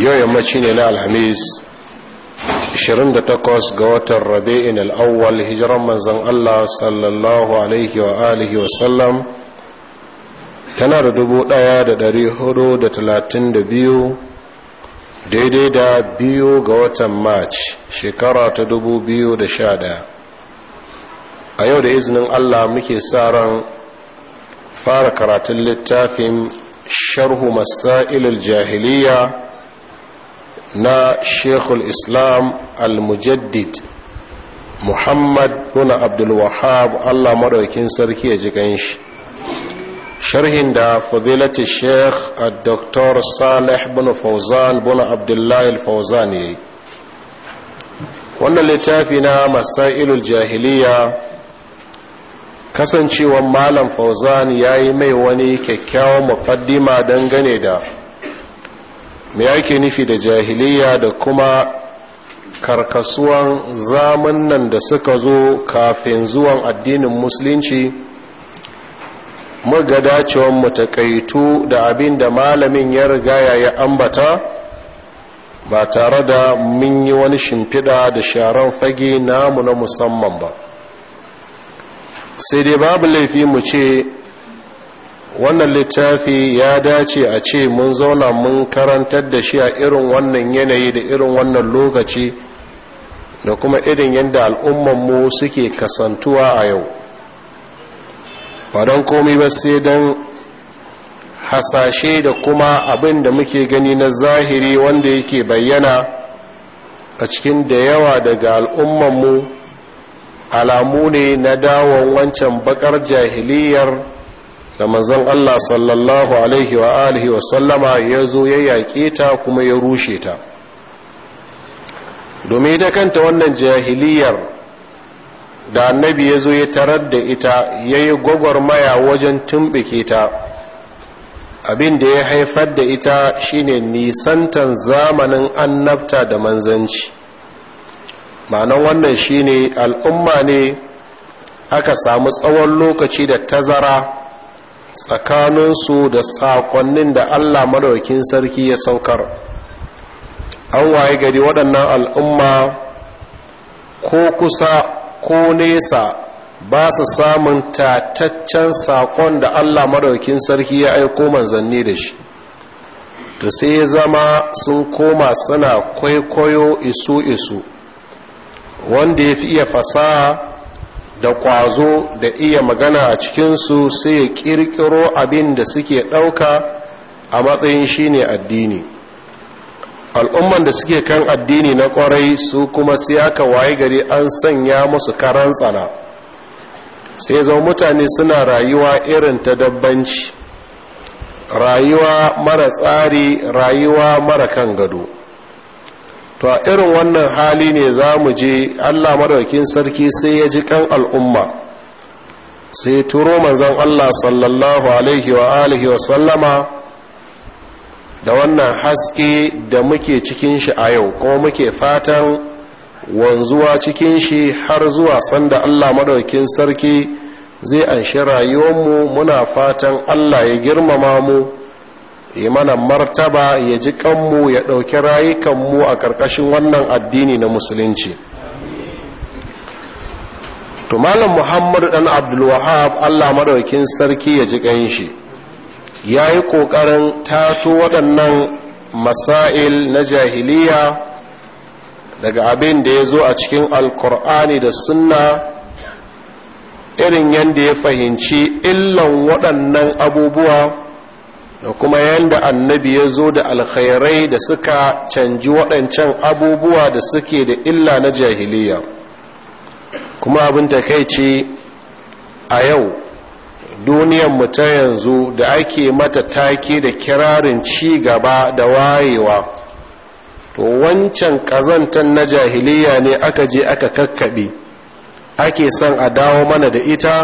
yau yammaci ne na alhamis 28 ga watan rabi'in al'awwal hijiran manzan Allah sallallahu alaihi wa alihi wa sallam tana da biyu daidai da biyu ga watan march shekara ta da sha a yau da izinin Allah muke sa ran fara karatun littafin sharhu masailul jahiliya na shekul islam al-mujaddid muhammad nuna abdulwahab allah maɗaukin sarki ya ji ganshi sharhin da fadilati sheikh dr salih bin fauzan bin abdullahi fauzan ya yi wannan littafi na masailul jahiliya kasancewan malam fauzan ya yi mai wani kyakkyawan mukaddima dangane da me yake nufi da jahiliya da kuma karkasuwan zaman nan da suka zo kafin zuwan addinin musulunci muga mu matakaitu da abin da malamin ya riga ya ambata ba tare da mun yi wani shimfiɗa da sharan fage namu na musamman ba sai dai babu laifi mu ce wannan littafi ya dace a ce mun zauna mun karantar da shi a irin wannan yanayi da irin wannan lokaci da kuma irin yadda al'ummanmu suke kasantuwa a yau ba don komi ba sai don hasashe da kuma abin da muke gani na zahiri wanda yake bayyana a cikin da yawa daga al'ummanmu alamu ne na dawon wancan bakar jahiliyar da manzon Allah sallallahu alaihi wa alihi wa sallama ya zo ya yaƙe ta kuma ya rushe ta domin ita kanta wannan jahiliyar da annabi ya zo ya tarar da ita ya yi gwagwarmaya wajen tumɓike ta abin da ya haifar da ita shine nisantan zamanin annabta da manzanci ma'anan wannan shine al'umma ne aka samu tsawon lokaci da tazara tsakaninsu da sakonnin da allah madaukin sarki ya saukar an waye gari waɗannan al'umma ko kusa ko nesa ba su samun tataccen sakon da allah madaukin sarki ya aiko manzanni da shi to sai zama sun koma suna kwaikwayo isu isu wanda ya fi iya fasaha da kwazo da iya magana a cikinsu sai ya kirkiro abin da suke ɗauka a matsayin shine addini al'umman da suke kan addini na kwarai su kuma sai aka waye gari an sanya musu karan tsana sai zama mutane suna rayuwa irin ta dabbanci rayuwa mara tsari rayuwa mara kan gado to a irin wannan hali ne za mu je allah madaukin sarki sai ya ji kan al'umma sai turo manzan allah sallallahu alaihi wa alihi wa sallama da wannan haske da muke cikin shi a yau kuma muke fatan wanzuwa cikin shi har zuwa sanda allah madaukin sarki zai anshi rayuwanmu muna fatan allah ya girmama mu yi mana martaba ya ji kanmu ya ɗauki rayukanmu a ƙarƙashin wannan addini na musulunci tumalin muhammadu ɗan abdulwahab allah maɗaukin sarki ya ji shi. ya yi ƙoƙarin tato waɗannan masail na jahiliya daga abin da ya zo a cikin alkur'ani da sunna irin yadda ya fahimci illan waɗannan abubuwa da kuma yadda annabi ya zo da alkhairai da suka canji waɗancan abubuwa da suke da illa na jahiliya kuma abin da kai ce a yau duniyanmu ta yanzu da ake mata take da kirarin ci gaba da wayewa to wancan ƙazantar na jahiliya ne aka je aka kakkaɓe ake son a dawo mana da ita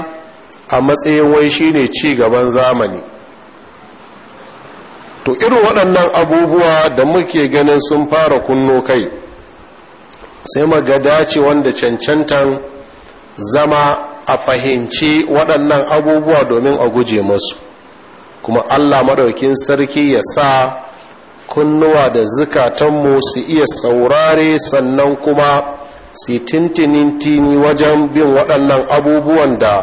a matsayin wai shine ci gaban zamani to irin waɗannan abubuwa da muke ganin sun fara kunno kai sai maga ce wanda cancantan zama a fahimci waɗannan abubuwa domin a guje masu kuma allah maɗaukin sarki ya sa kunnuwa da zukatanmu su iya saurare sannan kuma su tintinintini wajen bin waɗannan abubuwan da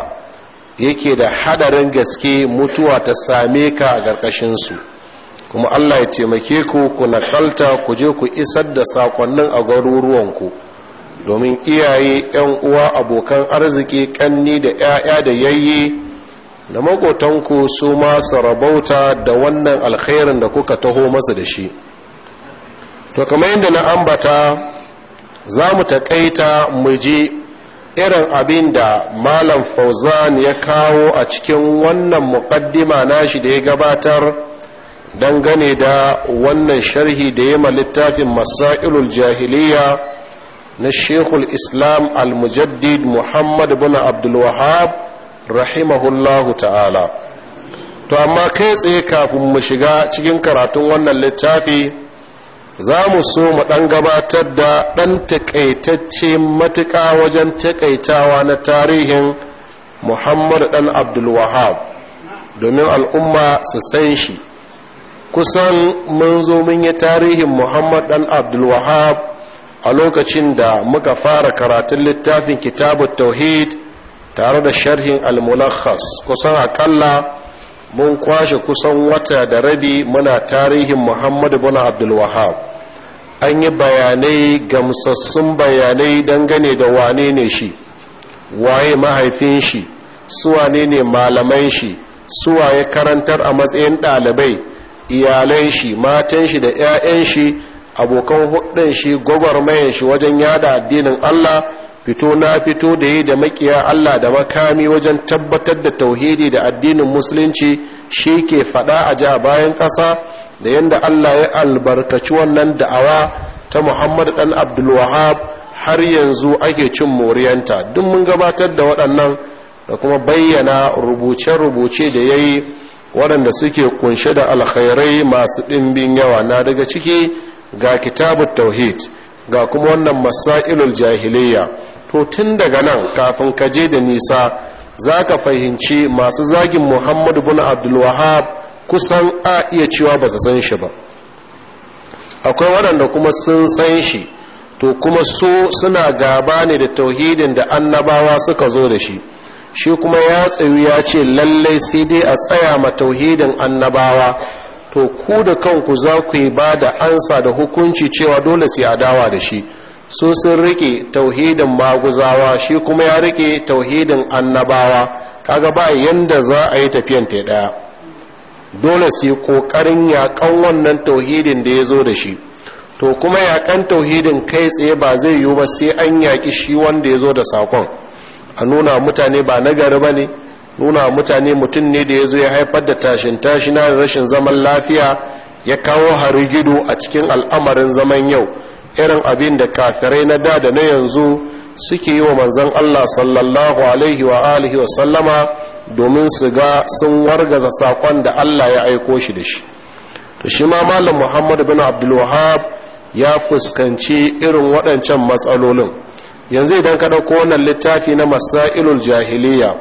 yake da haɗarin gaske mutuwa ta same ka a ƙarƙashinsu kuma Allah ya taimake ku ku nakalta ku je ku isar da sakonnin a garuruwanku domin iyaye yan uwa abokan arziki kanni da ƴaƴa da yayye da makotanku su ma sarabauta da wannan alkhairin da kuka taho masa da shi to kamar yadda na ambata za mu taƙaita mu je irin abin da malam fauzan ya kawo a cikin wannan muƙaddima nashi da ya gabatar dangane da wannan sharhi da ma littafin masailul jahiliya na shekul islam al-mujaddid muhammad bin abdulwahab rahimahullahu ta'ala to amma kai tsaye kafin mu shiga cikin karatun wannan littafi za mu so mu ɗan gabatar da dan taƙaitacce matuƙa wajen takaitawa na tarihin muhammad ɗan abdulwahab domin al'umma su san shi kusan mun zo mun yi tarihin muhammad dan abdulwahab a lokacin da muka fara karatun littafin kitabun tauhid tare da sharhin al-mulakhas kusan akalla mun kwashe kusan wata da rabi muna tarihin muhammad bin abdulwahab an yi bayanai gamsassun bayanai dangane da wane ne shi waye mahaifin shi wane ne malaman shi waye karantar a matsayin ɗalibai iyalan shi matan shi da 'ya'yan shi abokan hudun shi gwagwarmayan shi wajen yada addinin Allah fito na fito da yi da makiya Allah da makami wajen tabbatar da tauhidi da addinin musulunci shi ke fada a ja bayan ƙasa da yadda Allah ya albarkaci wannan da'awa ta Muhammad dan Abdul Wahab har yanzu ake cin moriyanta duk mun gabatar da waɗannan da kuma bayyana rubuce-rubuce da ya yi waɗanda suke kunshe da alkhairai masu ɗimbin yawa na daga ciki ga kitabut tauhid ga kuma wannan masailul jahiliya to tun daga nan kafin ka je da nisa za ka fahimci masu zagin muhammadu bin abdulwahab kusan a iya cewa ba su san shi ba akwai waɗanda kuma sun san shi to kuma su suna gaba ne da tauhidin da annabawa suka zo da shi shi kuma ya tsayu ya ce lallai sai dai a tsaya ma tauhidin annabawa to ku da kanku za ku yi ba da ansa da hukunci cewa dole sai a dawa da shi su sun rike tauhidin maguzawa shi kuma ya rike tauhidin annabawa kaga ba yanda za a yi tafiyan ta daya dole sai kokarin yakan wannan tauhidin da ya zo da shi to kuma yakan tauhidin kai tsaye ba zai yiwu ba sai an yaki shi wanda ya zo da sakon a nuna mutane ba nagari ba ne nuna mutane mutum ne da ya zo ya haifar da tashin tashina da rashin zaman lafiya ya kawo hari gido a cikin al'amarin zaman yau irin abin da kafirai na da da na yanzu suke yi wa manzan Allah sallallahu alaihi wa alihi wa domin su ga sun wargaza saƙon da Allah ya aiko shi da shi to shi ma malam Muhammadu bin Abdulwahab ya fuskanci irin waɗancan matsalolin yanzu idan ka ɗauko wannan littafi na masailul jahiliya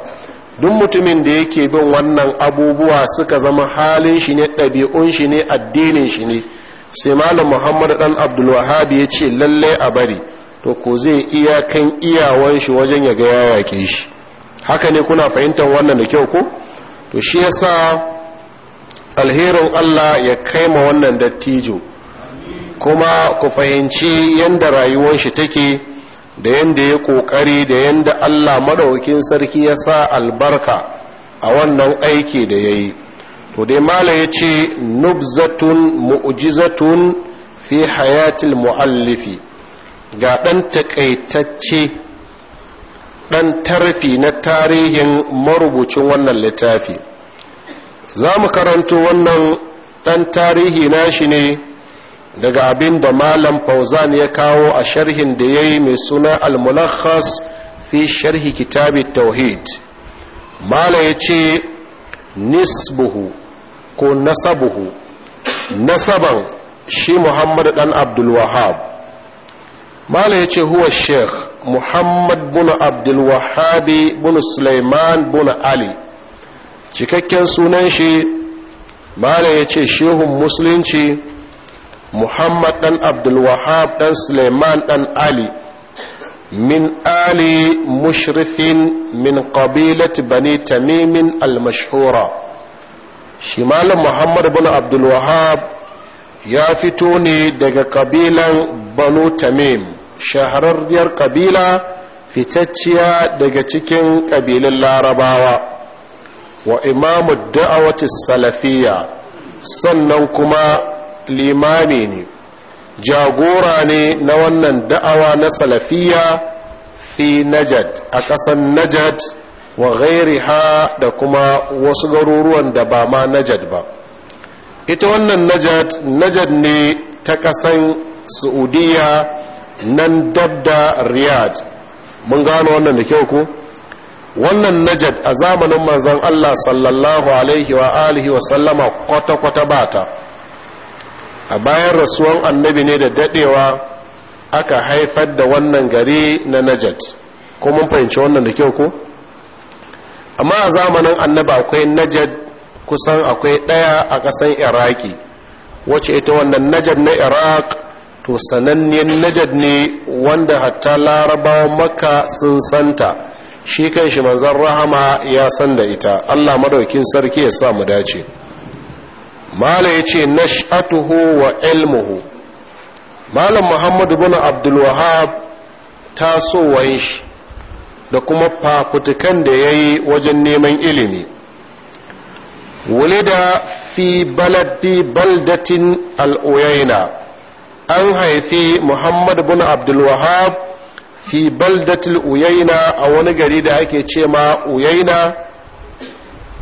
duk mutumin da yake bin wannan abubuwa suka zama halin shi ne ɗabi'un shi ne addinin shi ne sai malam muhammad ɗan abdulwahabi ya ce lallai a bari to ko zai iya kan iyawan shi wajen ya ga yayake shi haka ne kuna fahimtar wannan da kyau ko to shi yasa alherin allah ya kai ma wannan dattijo kuma ku fahimci yadda rayuwar shi take da yadda ya kokari da yadda Allah maɗaukin sarki ya sa albarka a wannan aiki da yayi to dai mala ce nubzatun mu'jizatun fi hayatil muallifi ga ɗan takaitacce ɗan tarfi na tarihin marubucin wannan littafi za mu karanto wannan ɗan tarihi shi ne daga abin da malam fauzan ya kawo a sharhin da ya yi mai suna al-mulakhas fi sharhi kitabi tauhid mala ya ce nisbuhu ko nasabuhu nasaban shi muhammad dan abdulwahab mala ya ce huwa sheikh muhammad bin abdulwahabi bin suleiman bin ali cikakken sunan shi mala ya ce shehun musulunci muhammad dan abdulwahab dan suleiman dan ali min ali mushrifin min qabilati bani tamimin al-mashhura shi malam muhammad bin abdulwahab ya fito ne daga kabilan banu tamim shahararriyar kabila fitacciya daga cikin ƙabilun larabawa wa imamu da'awati salafiyya sannan kuma limami ne jagora ne na wannan da'awa na salafiya fi najad a ƙasan najad wa ha da kuma wasu garuruwan da ba ma najad ba ita wannan najad najad ne ta ƙasan saudiya nan dabda Riyad. mun gano wannan da kyau ko wannan najad a zamanin manzon allah sallallahu alaihi wa alihi wa sallama kwata-kwata bata a bayan rasuwan annabi ne da dadewa aka haifar da wannan gari na najat ko mun fahimci wannan da kyau ko amma a zamanin annabi akwai najat kusan akwai daya a kasan iraki wacce ita wannan najat na iraq to sanannen najat ne wanda hatta larabawan makka sun santa shi kan shi manzan rahama ya san da ita allah madaukin sarki ya sa mu dace mala ya ce nash'atuhu wa ilmuhu malam muhammadu bin abdulwahab tasowayin shi da kuma fafutukan da ya yi wajen neman ilimi wulida fi baladi baldatin al'uyaina an haifi muhammad bin abdulwahab fi baldatin uyaina a wani gari da ake ce ma uyaina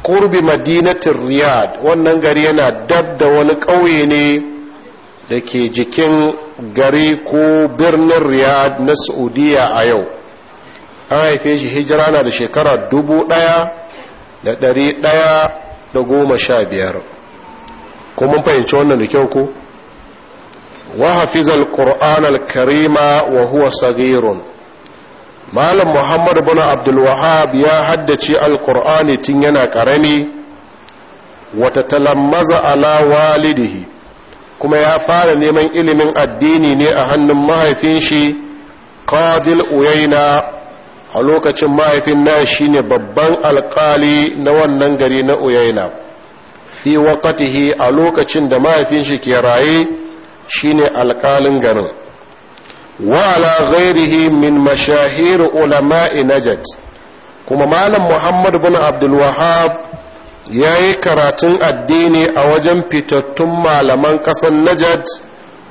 qurbi madinatin riyad wannan gari yana dab da wani ƙauye ne da ke jikin gari ko birnin riyad na saudiya a yau an haife shi hijira na da shekara dubu ɗaya da ɗari ɗaya da goma sha biyar ko mun fahimci wannan da kyau ko wa hafizal qur'an al-karima wa huwa sagirun malam muhammad bin abdulwahab ya haddace alkur'ani tun yana karami wata talammaza ala walidihi kuma ya fara neman ilimin addini ne a hannun mahaifin shi qadil uyaina a lokacin mahaifin na shine babban alkali na wannan gari na uyaina fi waqatihi a lokacin da mahaifin shi ke raye shine alkalin garin وعلى غيره من مشاهير علماء نجد كما مالم محمد بن عبد الوهاب yayi karatun addini a wajen fitattun malaman ƙasar najad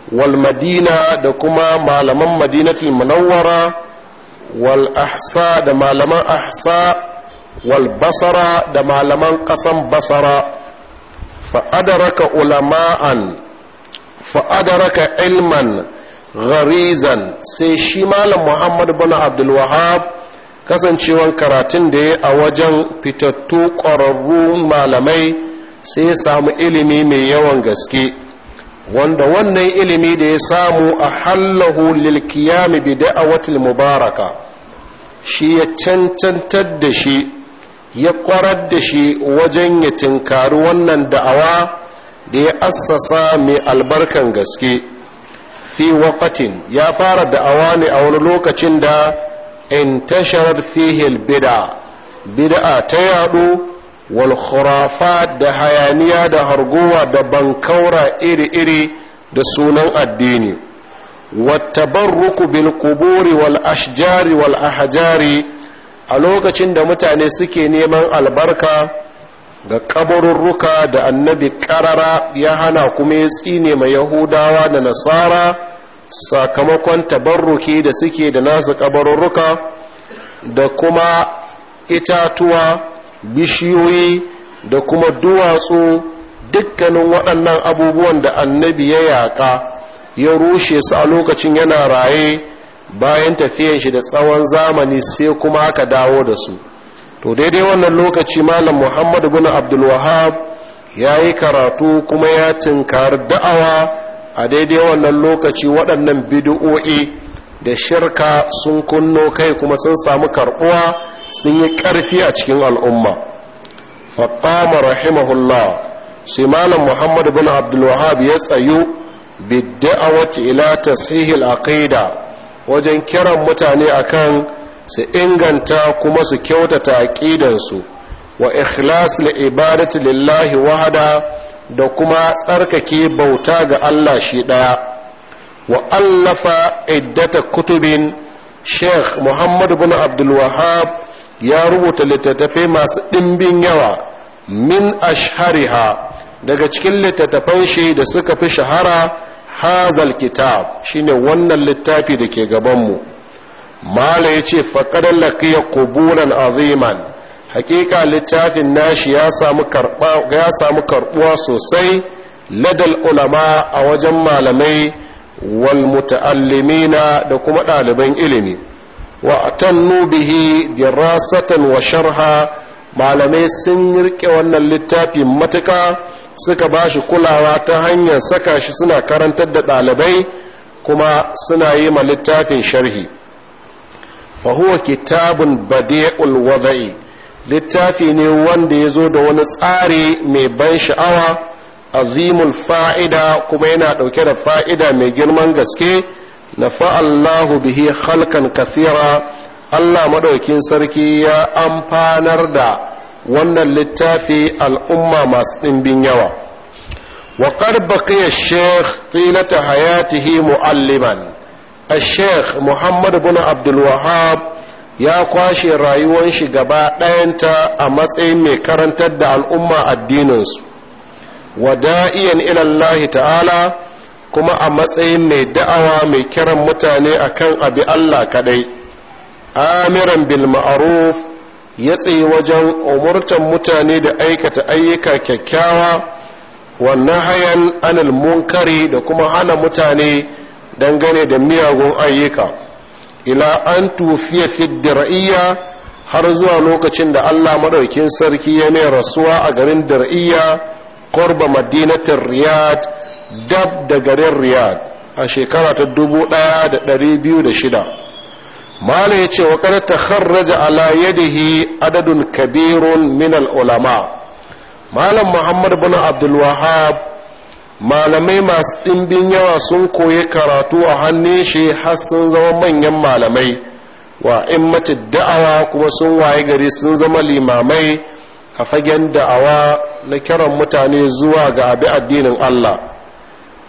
wal madina da kuma malaman madinatul munawwara wal ahsa da malaman ahsa wal basara da malaman ƙasan basara fa'adaraka ilman gharizan sai shi malam muhammad bin abdul wahab kasancewan karatun da ya a wajen fitattu ƙwararru malamai sai ya samu ilimi mai yawan gaske wanda wannan ilimi da ya samu a hallahu lilkiyami bi da'awatil mubaraka shi ya cancantar da shi ya ƙwarar da shi wajen ya tinkari wannan da'awa da ya assasa mai albarkan gaske fi waqatin ya fara da'awa ne a wani lokacin da intasharar fihil bid'a bid'a ta yaɗu wal khurafat da hayaniya da harguwa da bankaura iri-iri da sunan addini wattabarruku bil quburi wal ashjari wal ahjari a lokacin da mutane suke neman albarka ga kabarurruka da annabi karara ya hana kuma ya tsine mai yahudawa da nasara sakamakon tabarruki da suke da nasu kabarurruka da kuma itatuwa bishiyoyi da kuma duwatsu dukkanin waɗannan abubuwan da annabi ya yaƙa ya rushe su a lokacin yana raye bayan tafiyan shi da tsawon zamani sai kuma aka dawo da su to daidai wannan lokaci malam muhammad bin abdulwahab ya yi karatu kuma ya tinkari da'awa a daidai wannan lokaci waɗannan bidi'o'i da shirka sun kunno kai kuma sun samu karɓuwa sun yi ƙarfi a cikin al'umma faɗama rahimahullah sai malam muhammad bin abdulwahab ya tsayu bidda'awati ila tashihil aqida wajen kiran mutane akan su inganta kuma su kyautata aqidansu wa ikhlas li ibadati lillahi wahda da kuma tsarkake bauta ga Allah shi ɗaya. wa allafa iddata kutubin Sheikh Muhammad bin Abdul Wahhab ya rubuta littattafai masu ɗimbin yawa min ashhariha daga cikin littattafan shi da suka fi shahara hazal kitab shine wannan littafi da ke gabanmu mala ya ce faƙadar laƙiya kuburan aziman hakika littafin nashi ya samu karɓuwa sosai ladal ulama a wajen malamai wal muta'allimina da kuma ɗaliban ilimi wa nubihi bihi dirasatan wa sharha malamai sun riƙe wannan littafi matuka suka ba shi kulawa ta hanyar saka shi suna karantar da ɗalibai kuma suna yi ma littafin sharhi Fahuwa kitabun badi'ul wada'i littafi ne wanda ya zo da wani tsari mai ban sha'awa azimul fa'ida kuma yana ɗauke da fa'ida mai girman gaske na fa'allahu bihi halkan kathira allah maɗaukin sarki ya amfanar da wannan littafi al'umma masu ɗimbin yawa wa ƙarbaƙiyar sheikh tilata hayatihi mu'alliman الشيخ محمد بن عبد الوهاب ya kwashe rayuwar shi gaba ɗayanta a matsayin mai karantar da al'umma addininsu wada'iyan ilallahi ta'ala kuma a matsayin mai da'awa mai kiran mutane akan abi Allah kaɗai amiran bil ma'aruf ya tsaye wajen umurtan mutane da aikata ayyuka kyakkyawa wannan hayan anil munkari da kuma hana mutane dangane da miyagun ayyuka ila an tufiya ra'iyya, har zuwa lokacin da Allah maɗaukin sarki ya mai rasuwa a garin dir'iyya korba madinatin riyad dab da garin riyad a shekara ta shida. mala ya ce wa ta kharraja ala yadihi adadun kabirun min ulama malam muhammad bin abdul malamai masu ɗimbin yawa sun koyi karatu a hannun shi har sun zama manyan malamai wa in mata da'awa kuma sun waye gari sun zama limamai a fagen da'awa na kiran mutane zuwa ga abi addinin Allah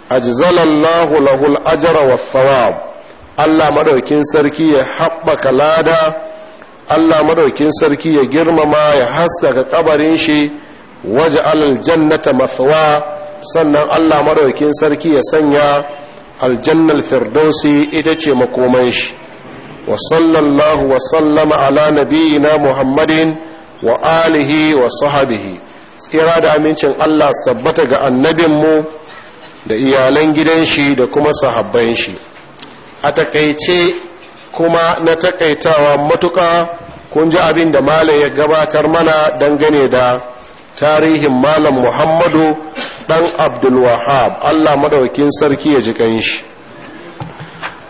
ajzalallahu lahul ajra wa thawab Allah madaukin sarki ya haɓaka lada Allah madaukin sarki ya girmama ya haskaka ga kabarin shi waje alal jannata sannan Allah maɗaukin sarki ya sanya aljannal firdausi ita ce makoman shi wa sallallahu wa sallama ala nabiyina muhammadin wa alihi wa sahabihi tsira da amincin Allah tabbata ga annabinmu da iyalan gidan shi da kuma sahabban shi a takaice kuma na takaitawa matuka kun ji abin da malam ya gabatar mana dangane da tarihin malam muhammadu ɗan abdulwahab allah maɗaukin sarki ya ji shi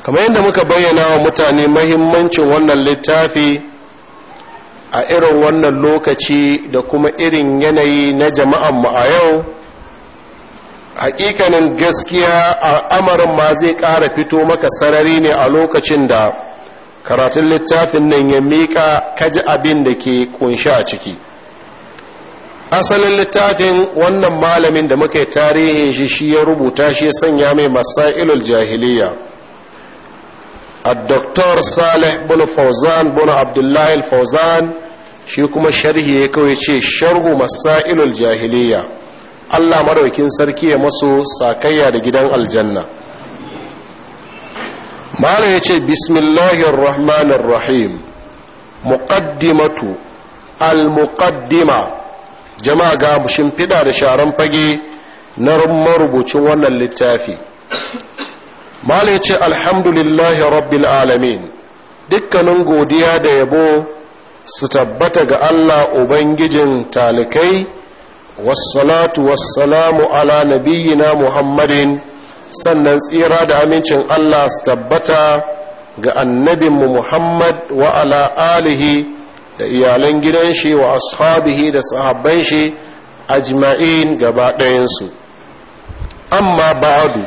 kamar yadda muka bayyana wa mutane mahimmancin wannan littafi a irin wannan lokaci da kuma irin yanayi na jama'an mu a yau hakikanin gaskiya al'amarin ma zai ƙara fito maka sarari ne a lokacin da karatun littafin nan ya mika kaji abin da ke kunshi a ciki asalin littafin wannan malamin da muke tarihin shi shi ya rubuta shi sanya mai masailul jahiliya الدكتور صالح bin فوزان bin عبد الله fauzan shi kuma sharhi ya kawai ce sharhu masailul jahiliya Allah maraukin sarki ya maso sakayya da gidan aljanna malam ya ce bismillahir rahmanir rahim muqaddimatu al muqaddima jama'a ga shimfiɗa da sharan fage na marubucin wannan littafi malai ya ce alhamdulillahi rabbil alamin dukkanin godiya da yabo su tabbata ga allah ubangijin talikai wassalatu wassalamu ala nabiyyina muhammadin sannan tsira da amincin allah su tabbata ga annabinmu muhammad wa ala alihi da iyalan gidan shi wa ashabihi da sahabban shi ajma'in gaba ɗayansu amma ba'adu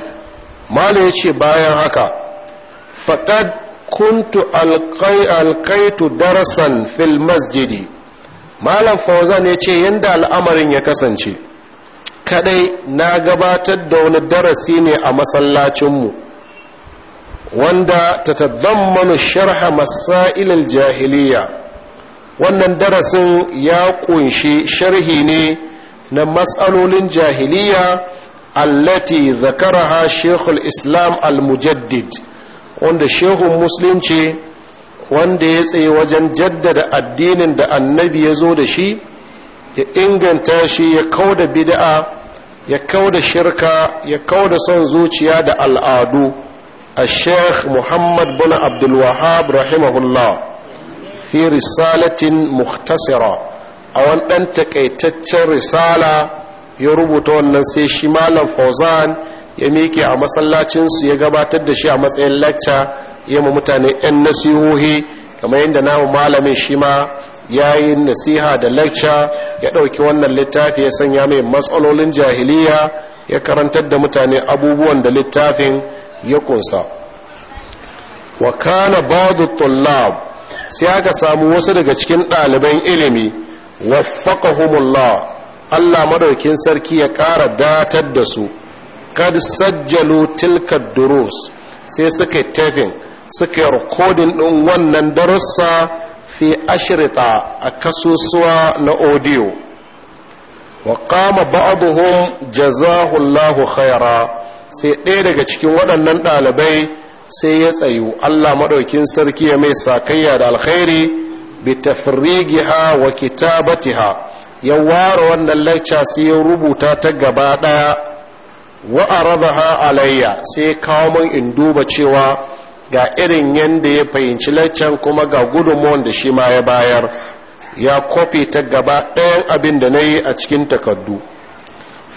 mala ya ce bayan haka faɗad kuntu alkaitu darasan fil masjidi malam fauzan ya ce yadda al'amarin ya kasance kadai na gabatar da wani darasi ne a masallacinmu wanda ta manu sharha masailin jahiliya wannan darasin ya kunshi sharhi ne na matsalolin jahiliya allati zakaraha shekul islam al-mujaddid wanda shehun musulunci wanda ya tsaye wajen jaddada addinin da annabi ya zo da shi ya inganta shi ya kauda bid'a ya kauda shirka ya kauda son zuciya da al'adu a sheikh muhammad bin abdulwahab rahimahullah fi risalatin muhtasira a wani ɗan takaitaccen risala ya rubuta wannan sai shi malam fauzan ya miƙe a masallacinsu ya gabatar da shi a matsayin lacca ya ma mutane 'yan nasihohi kamar yadda namu malamin shi ma ya yi nasiha da lacca ya ɗauki wannan littafi ya sanya mai matsalolin jahiliya ya karantar da mutane abubuwan da littafin ya kunsa wa kana ba'du tullab sai aka samu wasu daga cikin ɗaliban ilimi humullah Allah madaukin sarki ya ƙara datar da su kad sajjalu tilka durus sai suka tafin suka yi rikodin ɗin wannan darussa fi ashirita a kasusuwa na odiyo wa kama ba'aduhum jazahullahu khaira sai ɗaya daga cikin waɗannan ɗalibai sai ya tsayu Allah maɗaukin sarki ya mai sakayya da alkhairi bi tafrigiha wa kitabatiha ya ware wannan lecture sai ya rubuta ta gaba ɗaya wa aradaha alayya sai kawo min in duba cewa ga irin yanda ya fahimci lecture kuma ga gudunmuwan da shi ma ya bayar ya kofi ta gaba ɗayan abin da na yi a cikin takardu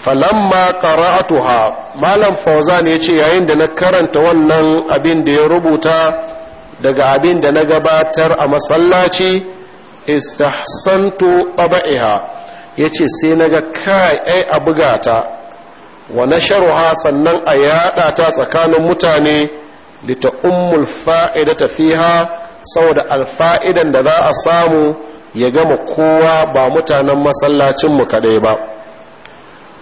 falamma qara'atuha malam fawzan yace yayin da na karanta wannan abin da ya rubuta daga abin da na gabatar a masallaci istahsantu taba'iha yace sai naga kai ai a bugata wa nasharuha sannan a yada ta tsakanin mutane li ummul fa'idata fiha saboda alfa'idan da za a samu ya gama kowa ba mutanen masallacin mu kadai ba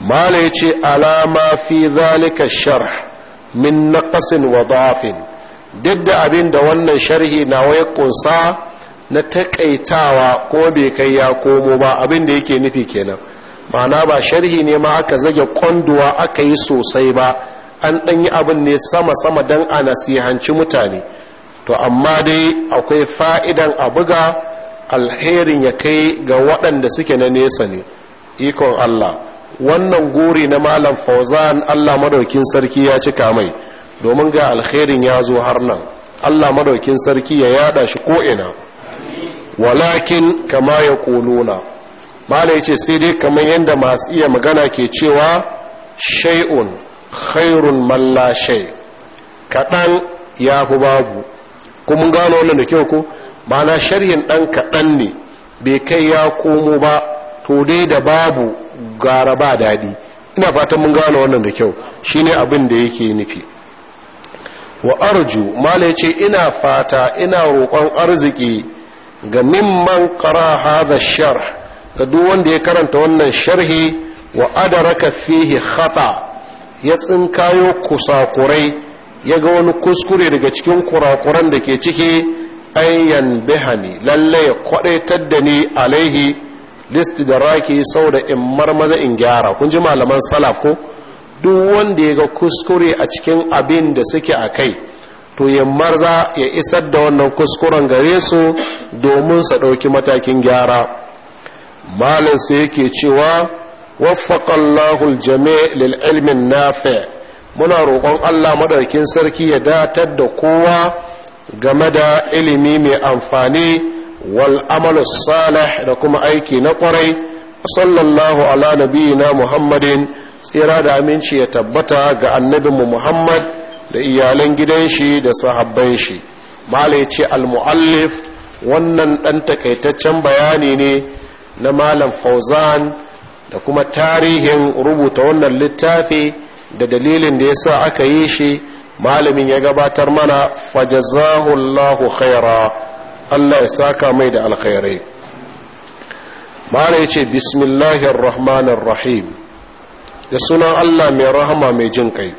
mala ya ce alama fi zalika sharh min naqasin wa dafin duk da abin da wannan sharhi na waya kunsa na taƙaitawa ko bai kai ya komo ba abin da yake nufi kenan ma'ana ba sharhi ne ma aka zage kwanduwa aka yi sosai ba an ɗan yi abin ne sama-sama don a nasihanci mutane to amma dai akwai fa'idan a buga alherin ya kai ga waɗanda suke na nesa ne ikon Allah wannan guri na malam fauzan allah madaukin sarki ya cika mai domin ga alkhairin ya zo har nan allah madaukin sarki ya yada shi ko'ina walakin kama ya ƙuluna bala ya ce sai dai kamar yadda masu iya magana ke cewa shai'un khairun malla shai kaɗan ya fi babu kuma gano wannan da kyau ko ma'ana sharhin ɗan kaɗan ne bai kai ya komo ba to dai da babu gara ba daɗi ina fatan mun gano wannan da kyau shi ne abin da yake nufi wa arju mala ce ina fata ina roƙon arziki ga mimman ƙara haza sharh ga duk wanda ya karanta wannan sharhi wa adaraka fihi khata ya tsinkayo kusakurai ya ga wani kuskure daga cikin kurakuran da ke ciki ayyan bihani lalle ya kwadaitar da ni alaihi list da raki da in marmaza in gyara kun ji malaman salaf ko duk wanda ya ga kuskure a cikin abin da suke a kai to ya marza ya isar da wannan kuskuren gare su domin sa ɗauki matakin gyara malin sai yake cewa waffaƙallahu jami lil ilmin nafi muna roƙon allah maɗaukin sarki ya datar da kowa game da ilimi mai amfani wal amalu salih da kuma aiki na kwarai sallallahu ala nabiyina muhammadin tsira da aminci ya tabbata ga annabinmu muhammad da iyalan gidan shi da sahabban shi malai ce al-mu'allif wannan ɗan takaitaccen bayani ne na malam fauzan da kuma tarihin rubuta wannan littafi da dalilin da ya sa aka yi shi malamin ya gabatar mana fajazahullahu khaira Allah ya saka mai da alkhairai mara yace bismillahir rahmanir rahim da sunan Allah mai rahama mai jin kai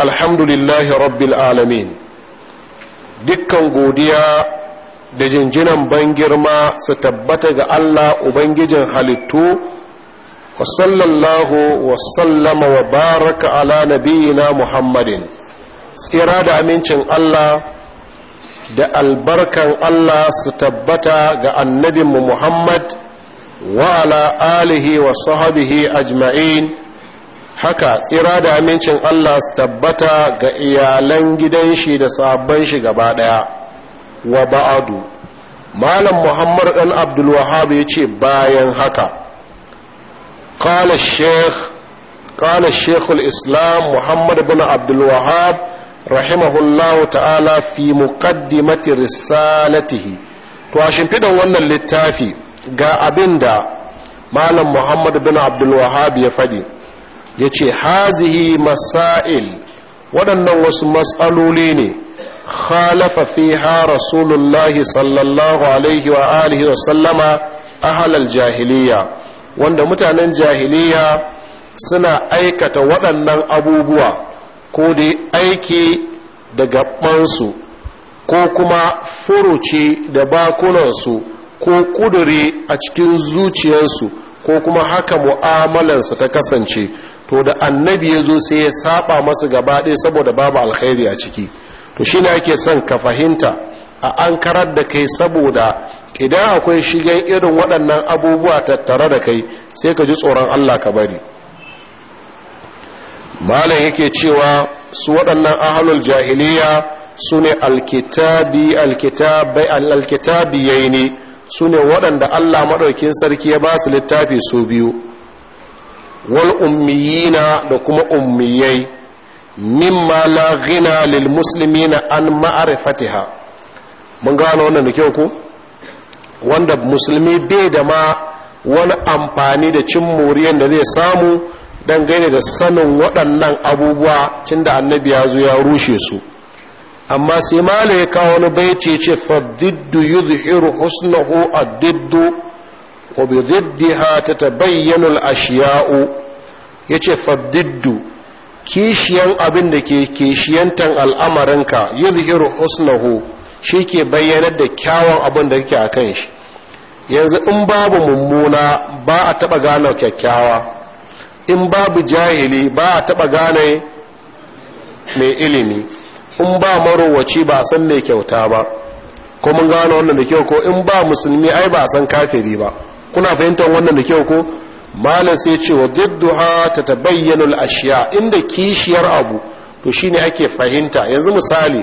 alhamdulillahi rabbil alamin dukkan godiya da jinjinan ban girma su tabbata ga Allah ubangijin halittu wa sallama wa baraka ala نبينا muhammadin. Tsira da amincin Allah da albarkan Allah su tabbata ga mu Muhammad wa ala alihi wa sahabihi ajma'in haka tsira da amincin Allah su tabbata ga iyalan gidan shi da sabon shi gaba daya wa ba'adu malam Muhammad dan Abdul Wahhab yace bayan haka qala al-shaykh qala islam Muhammad bin Abdul Wahhab rahimahullahu ta'ala fi muqaddimati risalatihi to a shimfidan wannan littafi ga abin da malam muhammad bin abdul ya faɗi ya ce hazihi masail waɗannan wasu matsaloli ne khalafa fiha rasulullahi sallallahu alaihi wa alihi wa sallama ahalal jahiliya wanda mutanen jahiliya suna aikata waɗannan abubuwa ko dai aiki da gabansu ko kuma furuci da bakunansu ko ƙuduri a cikin zuciyarsu ko kuma haka mu'amalansu ta kasance to da annabi ya zo sai ya saba masu gaba ɗaya saboda babu alkhairi a ciki to shi ne ake son ka fahimta a an karar da kai saboda idan akwai shigen irin waɗannan abubuwa tattare da kai sai ka ji tsoron allah ka bari malam yake cewa su waɗannan ahalul jahiliya su ne alkitabi alkitabai alkitabiyai ne su ne waɗanda allah maɗaukin sarki ya ba su littafi su biyu wal ummiyina da kuma ummiyai mimma la gina lil na an fatiha mun gano wannan da kyau ko wanda musulmi bai da ma wani amfani da cin moriyar da zai samu dangane da sanin waɗannan abubuwa cin da annabi ya zo ya rushe su amma sai malu ya kawo wani baiti ce yi zuhiru husnahu addiddu ko bi diddiha tatabayyanu al-ashiya'u yace faddiddu kishiyan abin da ke kishiyantan al'amarinka zuhiru husnahu shi ke bayyanar da kyawun abin da kake a kan shi yanzu in babu mummuna ba a taɓa gano kyakkyawa in babu jahili ba a taɓa gane mai ilimi in ba marowaci ba a san mai kyauta ba ko mun gane wannan da kyau ko in ba musulmi ai ba a san kafiri ba kuna fahimtar wannan da kyau ko malam sai ce wa didduha ta tabayyana al'ashiya inda kishiyar abu to shine ake fahimta yanzu misali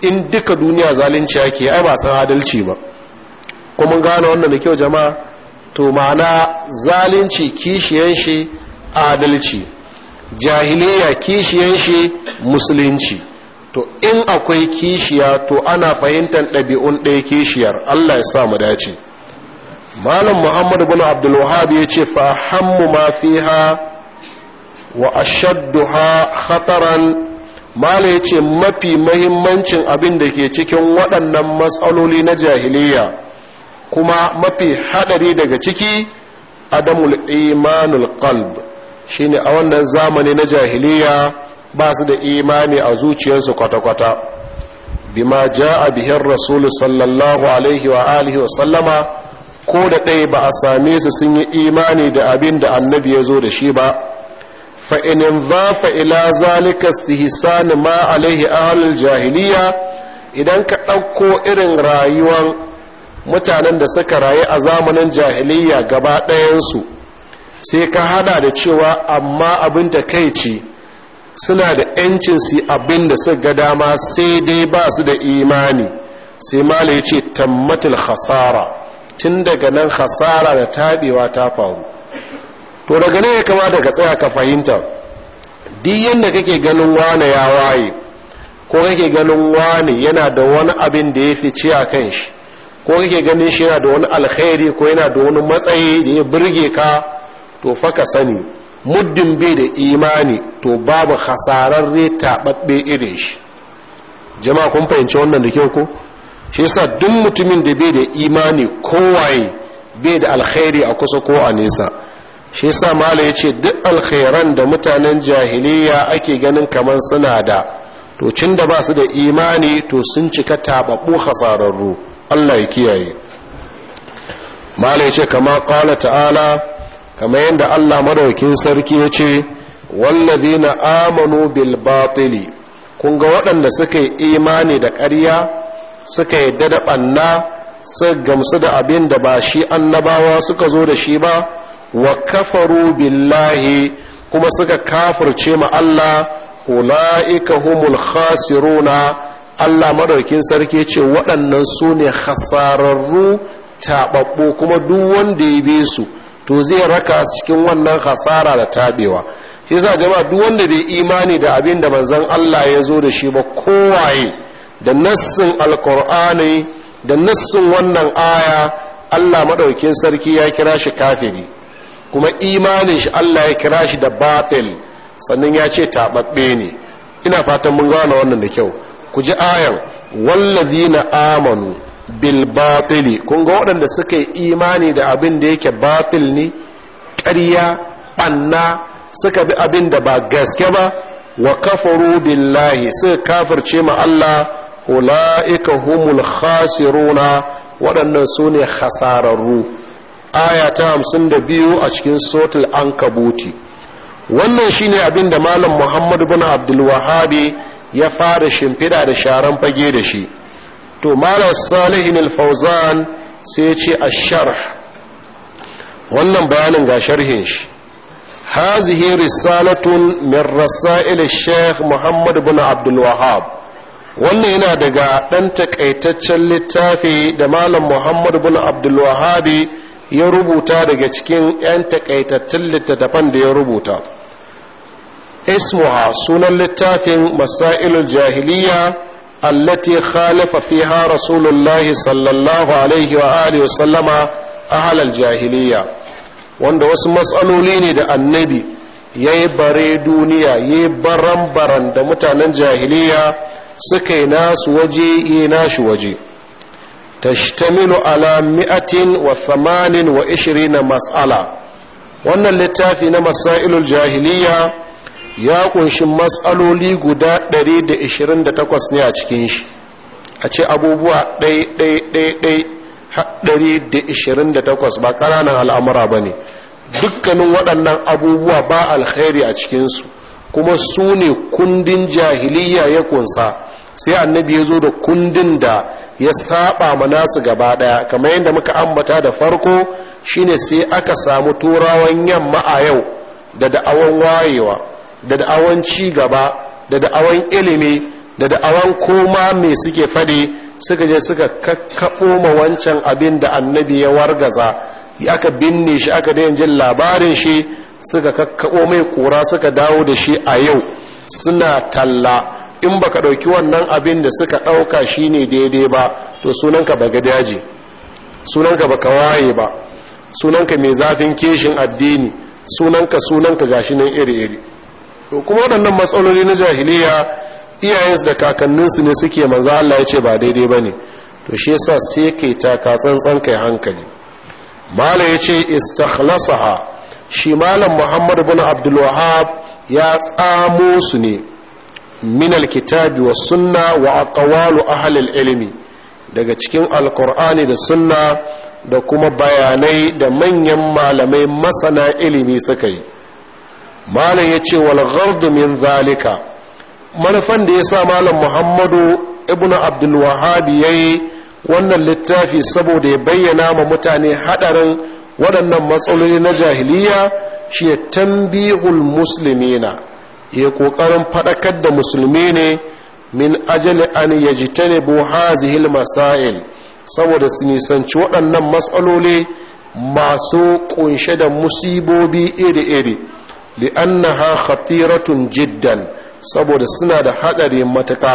in duka duniya zalunci ake ai ba san adalci ba kuma gane wannan da kyau jama'a to ma'ana zalunci kishiyan shi adalci jahiliya kishiyan shi musulunci to in akwai kishiya to ana fahimtar ɗabi'un ɗaya kishiyar Allah ya sa mu dace malam muhammad bin abdul ya ce fa hammu ma fiha wa ashadduha khataran malam ya ce mafi mahimmancin abin da ke cikin waɗannan matsaloli na jahiliya kuma mafi haɗari daga ciki adamul imanul qalb Shin a wannan zamani na jahiliya ba su da imani a zuciyarsu kwata-kwata bima a bihin rasulu sallallahu alaihi wa alihi wa sallama ko da ɗaya ba a same su sun yi imani da abin da annabi ya zo da shi ba fa'inin zafa ila zalika sani ma alaihi halin jahiliya idan ka ɗauko irin rayuwan mutanen da suka rayu a zamanin jahiliya gaba ɗayansu sai ka hada da cewa amma abin da kai ce suna da yancin su abin da suka ga dama sai dai ba su da imani sai mala ya ce tammatul khasara tun daga nan khasara da tabewa ta faru to daga nan ya kama daga tsaya ka fahimta duk yadda kake ganin wane ya waye ko kake ganin wane yana da wani abin da ya fice a kan shi ko kake ganin shi yana da wani alkhairi ko yana da wani matsayi da ya burge ka to faka sani muddin bai da imani to babu hasararre taɓaɓɓe irin shi jama'a kun fahimci wannan da kyau ko shi yasa duk mutumin da bai da imani kowaye bai da alkhairi a kusa ko a nesa shi yasa mala ya ce duk alkhairan da mutanen jahiliya ake ganin kamar suna da to cin da ba su da imani to sun cika taɓaɓɓu hasararru allah ya kiyaye mala ya kamar kama ƙala ta'ala kamar yadda Allah madaukin sarki ya ce na amanu bil batili kun ga waɗanda suka yi imani da ƙarya suka yi da ɓanna su gamsu da abin da ba shi annabawa suka zo da shi ba wa kafaru billahi kuma suka kafirce ma Allah ula'ika humul na Allah madaukin sarki ya ce waɗannan su ne khasararru taɓaɓɓu kuma duk wanda ya bi su to zai raka cikin wannan hasara da tabewa shi yasa jama'a duk wanda bai imani da abin da manzon Allah ya zo da shi ba kowaye da nassin alqur'ani da nassin wannan aya Allah madaukin sarki ya kira shi kafiri kuma imanin shi Allah ya kira shi da batil sannan ya ce tababbe ne ina fatan mun gane wannan da kyau ku ji ayan na amanu bil kunga kun ga waɗanda suka yi imani da abin da yake batil ne ƙarya ɓanna suka bi abin da ba gaske ba wa kafaru billahi suka kafirce ma Allah ula'ika humul khasiruna waɗannan su ne khasararru aya ta hamsin da biyu a cikin sotul an kabuti wannan shine abin da malam muhammadu bin abdulwahabi ya fara shimfiɗa da sharan fage da shi to malam salihin alfauzan sai ya ce a sharh wannan bayanin ga sharhin shi hazihi risalatun min rasail sheikh muhammad bin abdul wahab wannan yana daga ɗan takaitaccen littafi da malam muhammad bin abdul ya rubuta daga cikin 'yan takaitattun littattafan da ya rubuta ismuha sunan littafin masailul jahiliya Allate khalafa fiha rasulullahi sallallahu alaihi wa alihi sallama ahlal jahiliya wanda wasu matsaloli ne da annabi yayi bare duniya yi baran baran da mutanen jahiliya suka yi nasu waje yi nashi waje tashtamilu ala mi'atin wa thamanin wa ishirina mas'ala wannan littafi na masailul jahiliya ya kunshi matsaloli guda 128 ne a cikin shi a ce abubuwa ɗai ba ƙananan al'amura ba ne dukkanin waɗannan abubuwa ba alkhairi a cikinsu kuma su ne kundin jahiliya ya kunsa sai annabi ya zo da kundin da ya saba ma nasu gaba ɗaya kamar yadda muka ambata da farko shine sai aka samu turawan yamma a yau da da'awan wayewa da da'awan ci gaba da da'awan ilimi da da'awan koma mai suke fade suka je suka kakkaɓo ma wancan abin da annabi ya wargaza ya aka binne shi aka da jin labarin shi suka kakkaɓo mai kura suka dawo da shi a yau suna talla in baka ɗauki wannan abin da suka ɗauka shi ne daidai ba to sunanka ba ga daji, sunanka ba waye ba sunanka mai zafin keshin addini sunanka sunanka gashi nan iri-iri to kuma waɗannan matsaloli na jahiliya iyayensu da kakanninsu ne suke manzo Allah ya ce ba daidai ba ne to shi yasa sai kai ka tsantsan kai hankali mala ya ce istakhlasaha shi malam muhammad bin abdul wahab ya tsamo su ne min alkitabi wa sunna wa aqwalu ahli ilmi daga cikin alkur'ani da sunna da kuma bayanai da manyan malamai masana ilimi suka yi malam ya ce wal ghardu min zalika manufan da ya sa malam muhammadu ibnu abdul wahabi yi wannan littafi saboda ya bayyana ma mutane hadarin waɗannan matsaloli na jahiliya shi ya tambihul muslimina ya kokarin faɗakar da musulmi ne min ajali an yajtanibu hazihil masail saboda su nisanci waɗannan matsaloli masu kunshe da musibobi iri-iri li'annaha khatiratun jiddan saboda suna da hadari matuka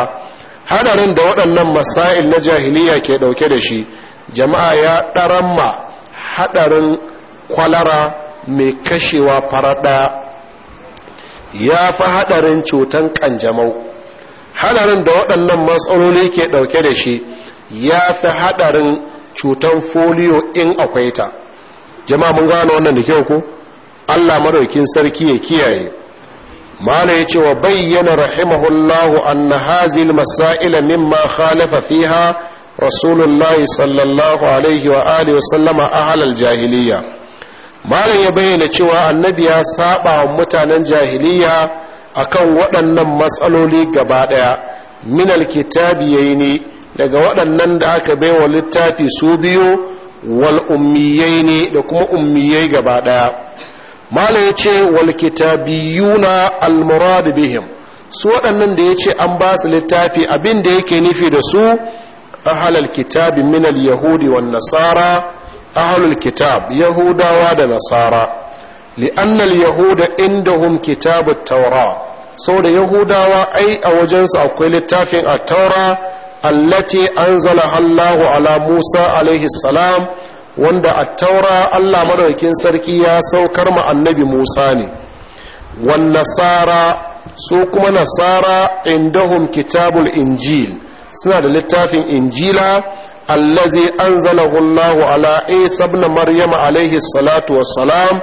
hadarin da waɗannan masail na jahiliya ke ɗauke da shi jama'a ya ɗarama hadarin kwalara mai kashewa farada ya fi hadarin cutan kanjamau hadarin da waɗannan matsaloli ke ɗauke da shi ya fi hadarin cutan foliyo in akwai ta jama'a mun gano wannan da kyau ko Allah maraukin sarki ya kiyaye Malam ya ce wa bayyana rahimahullahu anna hazil masaila mimma khalafa fiha rasulullahi sallallahu alaihi wa alihi wasallama ahlal jahiliya malam ya bayyana cewa annabi ya saba wa mutanen jahiliya akan waɗannan matsaloli gaba ɗaya minal kitabi yayi ne daga waɗannan da aka baiwa littafi su biyu wal ummiyai ne da kuma ummiyai gaba ɗaya mala ya ce walkitabiyuna almurad bihim su waɗannan da ya ce an ba su littafi abin da yake nufi da su ahalal kitabi minal yahudi wa nasara ahalul kitab yahudawa da nasara li'annal yahuda indahum kitabut taura saboda yahudawa ai a wajensu akwai littafin a taura allati anzala Allahu ala Musa alaihi salam wanda a taura Allah madaukin sarki ya saukar ma annabi Musa ne wan nasara su kuma nasara indahum kitabul injil suna da littafin injila allazi anzalahu Allahu ala Isa ibn Maryam alaihi salatu wassalam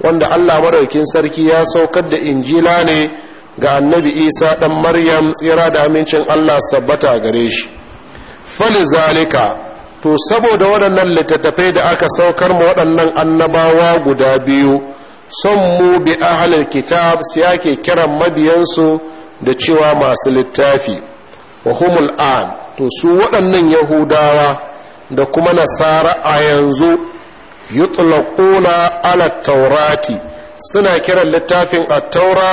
wanda Allah madaukin sarki ya saukar da injila ne ga annabi Isa dan Maryam tsira da amincin Allah sabbata gare shi falizalika to saboda waɗannan littattafai da aka saukar ma waɗannan annabawa guda biyu son mu bi ahalar kitab su yake kiran mabiyansu da cewa masu littafi wa humul an to su waɗannan yahudawa da kuma nasara a yanzu yutlaquna ala taurati suna kiran littafin a taura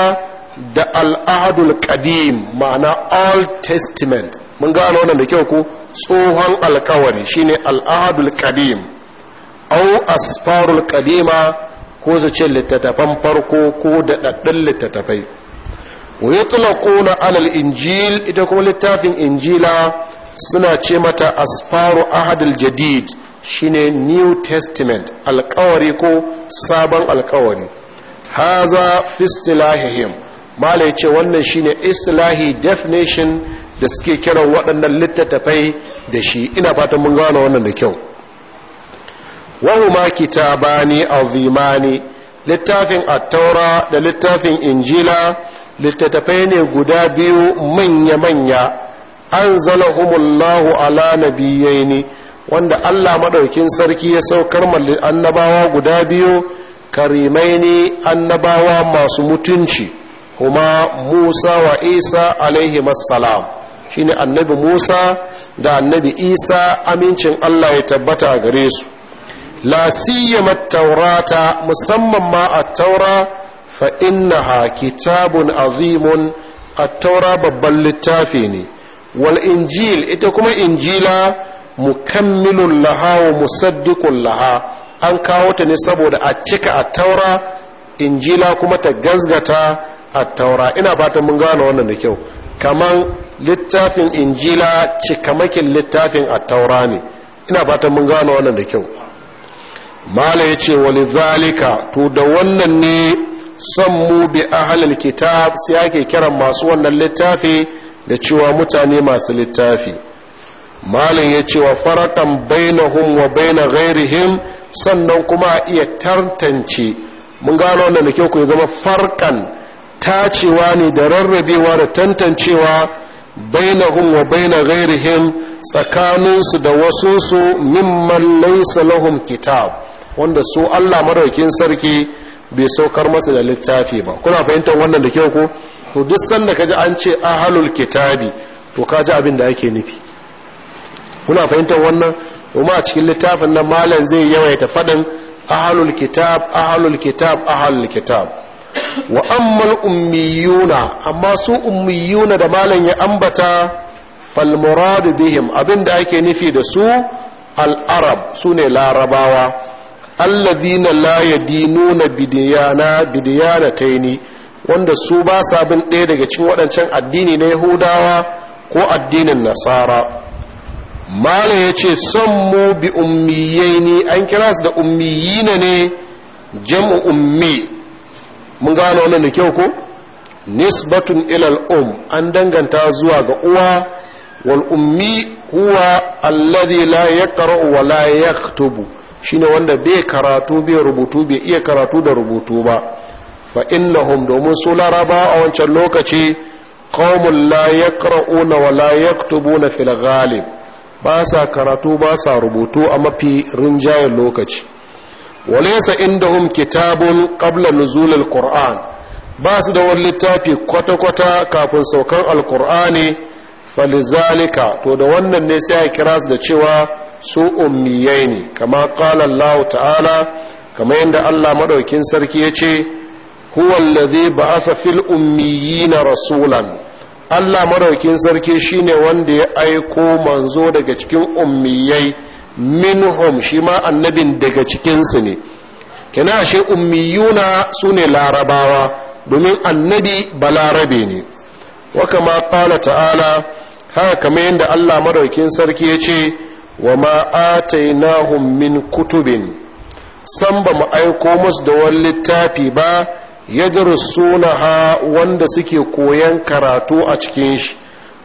da aladul kadim ma'ana old testament mun gano wannan da kyau ko tsohon alkawari shine al'adul qadim au asfarul qadima ko ce littattafan farko ko da daddan littattafai wa yutlaquna alal injil ita kuma littafin injila suna ce mata asfaru ahadul jadid shine new testament alkawari ko sabon alkawari haza fi istilahihim malai ce wannan shine istilahi definition da suke kiran waɗannan littattafai da shi ina fatan mun gano wannan da kyau wahuma kitabani azimani littafin attaura da littafin injila littattafai ne guda biyu manya-manya an zalahumullahu ala nabiyaini wanda allah maɗaukin sarki ya saukar malli annabawa guda biyu Karimaini ne annabawa masu mutunci kuma musa wa isa alaihi salam shine annabi Musa da annabi Isa amincin Allah ya tabbata a gare su la siyama taurata musamman ma a taura fa innaha kitabun azimun a taura babban littafi ne wal injil ita kuma injila mukammilun laha wa musaddiqun laha an kawo ta ne saboda a cika a taura injila kuma ta gazgata a taura ina fatan mun gane wannan da kyau kaman littafin injila cikamakin littafin taura ne ina fatan mun gano wannan da kyau mala ya ce wani zalika to da wannan ne son mu bi ahalin kitab sai ake kiran masu wannan littafi da cewa mutane masu littafi malin ya ce wa farakan bainahum wa baina ghairihim sannan kuma a iya tartance mun gano wannan da kyau ku zama farkan tacewa ne da rarrabewa da tantancewa bainahum wa baina ghairihim tsakaninsu da wasunsu mimman laysa kitab wanda su Allah madaukin sarki bai saukar masa da littafi ba kuna fahimtar wannan da kyau ko to duk sanda kaji an ce ahlul kitabi to kaji abin da yake nufi kuna fahimtar wannan kuma a cikin littafin nan malam zai yawaita faɗan ahlul kitab ahlul kitab ahlul kitab wa ammal ummiyuna amma su ummiyuna da malam ya ambata fal murad bihim abinda ake nufi da su al arab sune larabawa alladhina la yadinuna bidiyana taini wanda su ba sa bin ɗaya daga cikin waɗancan addini na yahudawa ko addinin nasara mala ya ce mu bi ummiyai ne an kira su da ummiyina ne jam'u ummi mun gano wannan da kyau ko nisbatun ilal um an danganta zuwa ga uwa wal ummi huwa alladhi la yaqra'u wa la yaktubu shine wanda bai karatu bai rubutu bai iya karatu da rubutu ba fa innahum domin su laraba a wancan lokaci qaumun la yaqra'una wa la yaktubuna fil ghalib ba sa karatu ba sa rubutu a mafi rinjayen lokaci walesa indahum kitabun qabla nuzul alquran ba su da wani littafi kwata-kwata kafin saukan alkur'ani falizalika to da wannan ne sai a kira da cewa su ummiyai ne kama qala Allah ta'ala kama yadda Allah maɗaukin sarki ya ce huwa ba'asa ba'atha fil ummiyina rasulan Allah maɗaukin sarki shine wanda ya aiko manzo daga cikin ummiyai minhum shi ma annabin daga cikinsu ne kina ashe ummiyuna su ne larabawa domin annabi balarabe ne wa kama ƙala ta'ala haka kamar yadda allah maraukin sarki ya ce wa ma'atainahum min kutubin san ba mu aiko musu da wani littafi ba ya ha wanda suke koyan karatu a cikin shi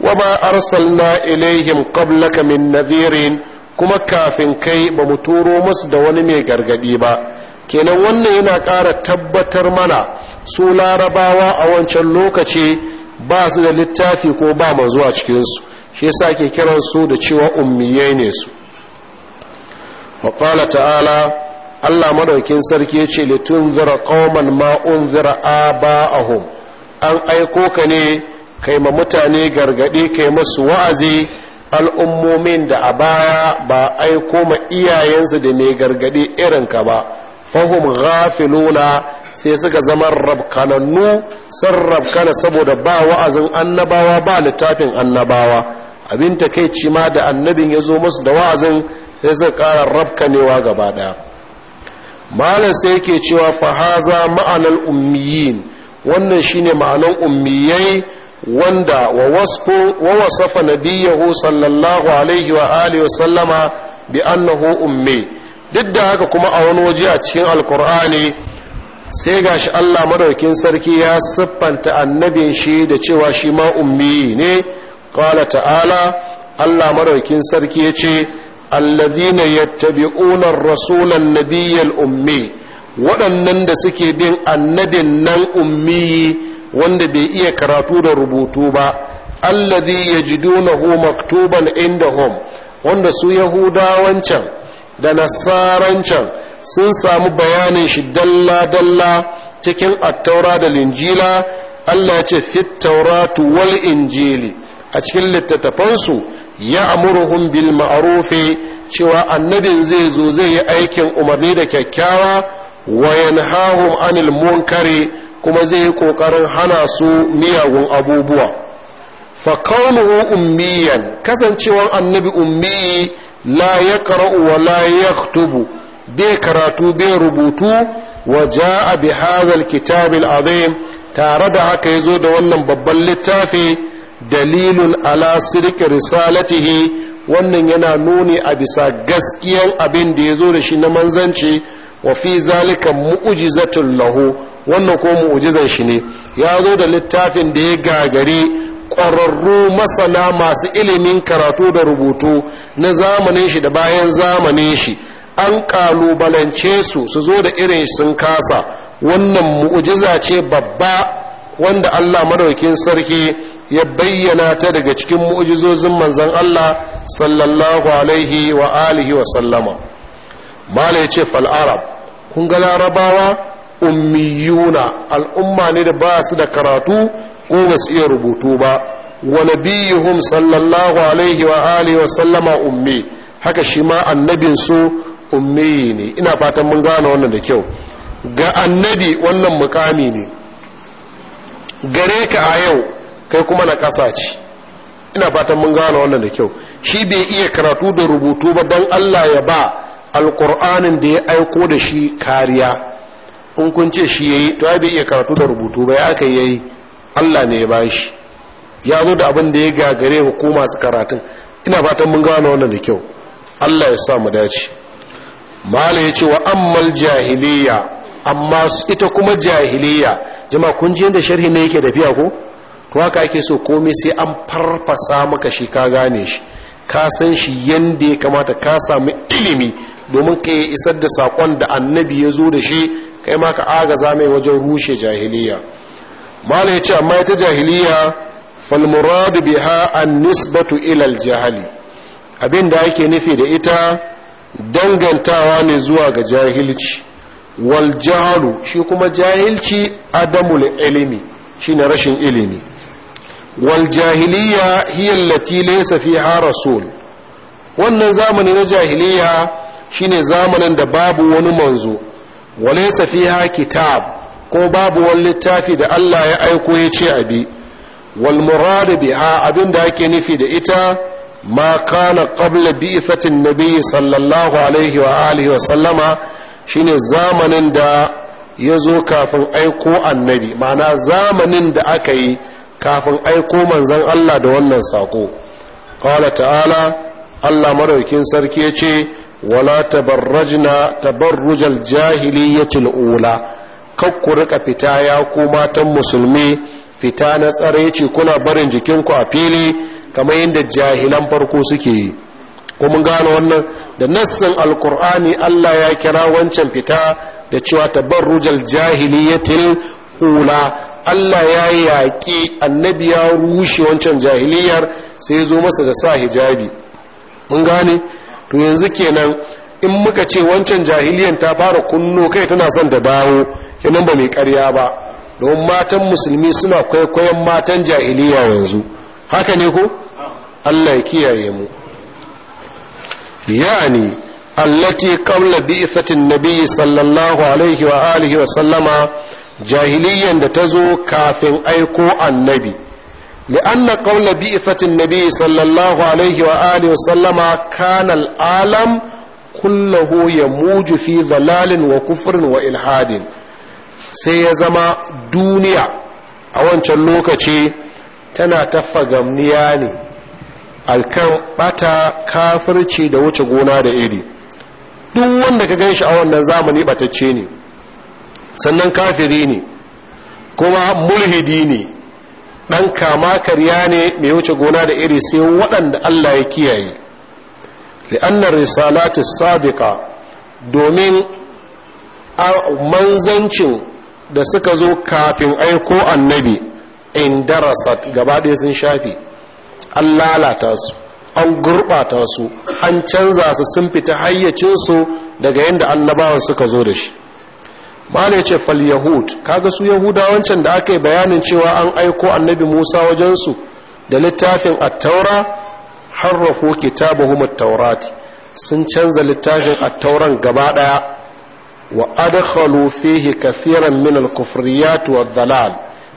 wa ma arsalna ilaihim qablaka min nadhirin kuma kafin kai ba mu turo musu da wani mai gargadi ba kenan wannan yana ƙara tabbatar mana su larabawa a wancan lokaci ba su da littafi ko ba manzo zuwa cikinsu shi yasa ke kiran su da cewa ummiyai ne su wa ta'ala Allah maɗaukin sarki ce zira qauman ma a aba'ahum an aiko ka ne kai ma mutane gargaɗi kai masu wa'azi al'ummomin da a baya ba aiko ma iyayensu da mai gargadi irinka ba fahim ghafiluna sai suka zama rabkanannu sun rabkana saboda ba wa'azin annabawa ba littafin annabawa abin ta takeici ma da annabin ya zo musu da wa'azin sai suka ƙara rabkanewa gaba ɗaya malam sai yake cewa fahaza ma'anar ummiyin wannan shine ma'anar ummiyai wanda wa wasafa nabiyahu sallallahu alaihi wa alihi wa sallama bi annahu ummi duk da haka kuma a wani waje a cikin alkur'ani sai gashi Allah madaukin sarki ya siffanta annabin shi da cewa shi ma ummi ne qala ta'ala Allah madaukin sarki ya yace allazina yattabi'una ar-rasulan nabiyyal ummi waɗannan da suke bin annabin nan ummi wanda bai iya karatu da rubutu ba allazi yajidunahu maktuban indahum wanda su yahudawancan da nasarancan sun samu bayanin shi dalla-dalla cikin attaura da linjila allah ce fit tauratu wal injili a cikin littattafansu ya amurhum bil ma'arufi cewa annabin zai zo zai yi aikin umarni da kyakkyawa wa yanhahum anil munkari kuma zai yi ƙoƙarin hana su miyagun abubuwa fa kaunuhu ummiyan kasancewar annabi ummi la ya wa la ya bai karatu bai rubutu wa a bi hadhal kitabil azim tare da haka yazo da wannan babban littafi dalilin ala sirki risalatihi wannan yana nuni a bisa gaskiyan abin da yazo da shi na manzanci wa fi zalika mu'jizatul lahu wannan ko mu'ujizan shi ne ya zo da littafin da ya gagare ƙwararru masana masu ilimin karatu da rubutu na zamanin shi da bayan zamanin shi an ƙalubalance su su zo da irin sun kasa wannan mu'ujiza ce babba wanda Allah madaukin sarki ya bayyana ta daga cikin mu'ujizozin manzon Allah sallallahu alaihi wa alihi wa sallama mala yace ce fal'arab kun ga larabawa ummiyuna al'umma ne da ba su da karatu ko ba su iya rubutu ba wa nabiyuhum sallallahu alaihi wa alihi wa sallama ummi haka shi ma annabin ummi ne ina fatan mun gane wannan da kyau ga annabi wannan mukami ne gare ka a yau kai kuma na ƙasa ce ina fatan mun gane wannan da kyau shi bai iya karatu da rubutu ba don Allah ya ba alkur'anin da ya aiko da shi kariya in kun ce shi yayi to ai bai iya karatu da rubutu ba ya kai yayi Allah ne ya bashi ya zo da abin da ya gagare hukuma su karatu ina fatan mun gano wannan da kyau Allah ya sa mu dace mala ce wa ammal jahiliya amma ita kuma jahiliya jama'a kun ji yadda sharhi ne yake tafiya ko to haka ake so komai sai an farfasa maka shi ka gane shi ka san shi yadda ya kamata ka samu ilimi domin ka isar da sakon da annabi ya zo da shi kai ma ka agaza mai wajen rushe jahiliya mala ya ce amma ita jahiliya falmuradu biha an nisbatu ilal jahali abin da ake nufi da ita dangantawa ne zuwa ga jahilci wal jahalu shi kuma jahilci adamul ilimi shine rashin ilimi wal jahiliya hiya allati laysa fiha rasul wannan zamani na jahiliya shine zamanin da babu wani manzo walaysa fiha kitab ko babu wani littafi da Allah ya aiko ya ce abi wal murad biha da ake nufi da ita ma kana qabla bi'thatin nabi sallallahu alaihi wa alihi wa sallama shine zamanin da ya zo kafin aiko annabi ma'ana zamanin da aka yi kafin aiko manzon Allah da wannan sako qala ta'ala Allah maraukin sarki ya ce wala tabarrajna tabarrujal jahiliyyatil ula ku rika fita ya ku matan musulmi fita na tsareci kuna barin jikinku a fili kamar yadda jahilan farko suke yi kuma gano wannan da nassin alkur'ani Allah ya kira wancan fita da cewa tabarrujal jahiliyyatil ula Allah ya yaƙi annabi ya rushe wancan jahiliyar sai zo masa da sa hijabi mun gane to yanzu kenan in muka ce wancan jahiliyan ta fara kunno kai tana son ta dawo kenan ba mai ƙarya ba don matan musulmi suna kwaikwayon matan jahiliya yanzu haka ne ku? Allah ya kiyaye mu yani allati qabla bi'thatin nabiy sallallahu alaihi wa alihi wa sallama jahiliyan da tazo kafin aiko annabi mai allah ƙaulabi satin nabi kanalalam kullahu ya mujifi zalalin wa kufurin wa ilhadi sai ya zama duniya a wancan lokaci tana ta fagamniya ne akan ɓatakafirci da wuce gona da iri duk wanda ka ganshi a wannan zamani batacce ne sannan kafiri ne kuma mulhidi ne ɗan kama karya ne mai wuce gona da iri sai waɗanda Allah ya kiyaye li'annar risalati sabiqa domin manzancin da suka zo kafin aiko annabi in darasa gaba ɗaya sun shafi an lalata su an gurɓata su an canza su sun fita hayyacinsu daga yadda annabawan suka zo da shi mala yace fal yahud kaga su wancan da aka yi bayanin cewa an aiko annabi Musa wajen su da littafin attaura harrafo harrafu kitabahum attaurati sun canza littafin attauran gaba daya wa adkhalu fihi kathiran min al-kufriyat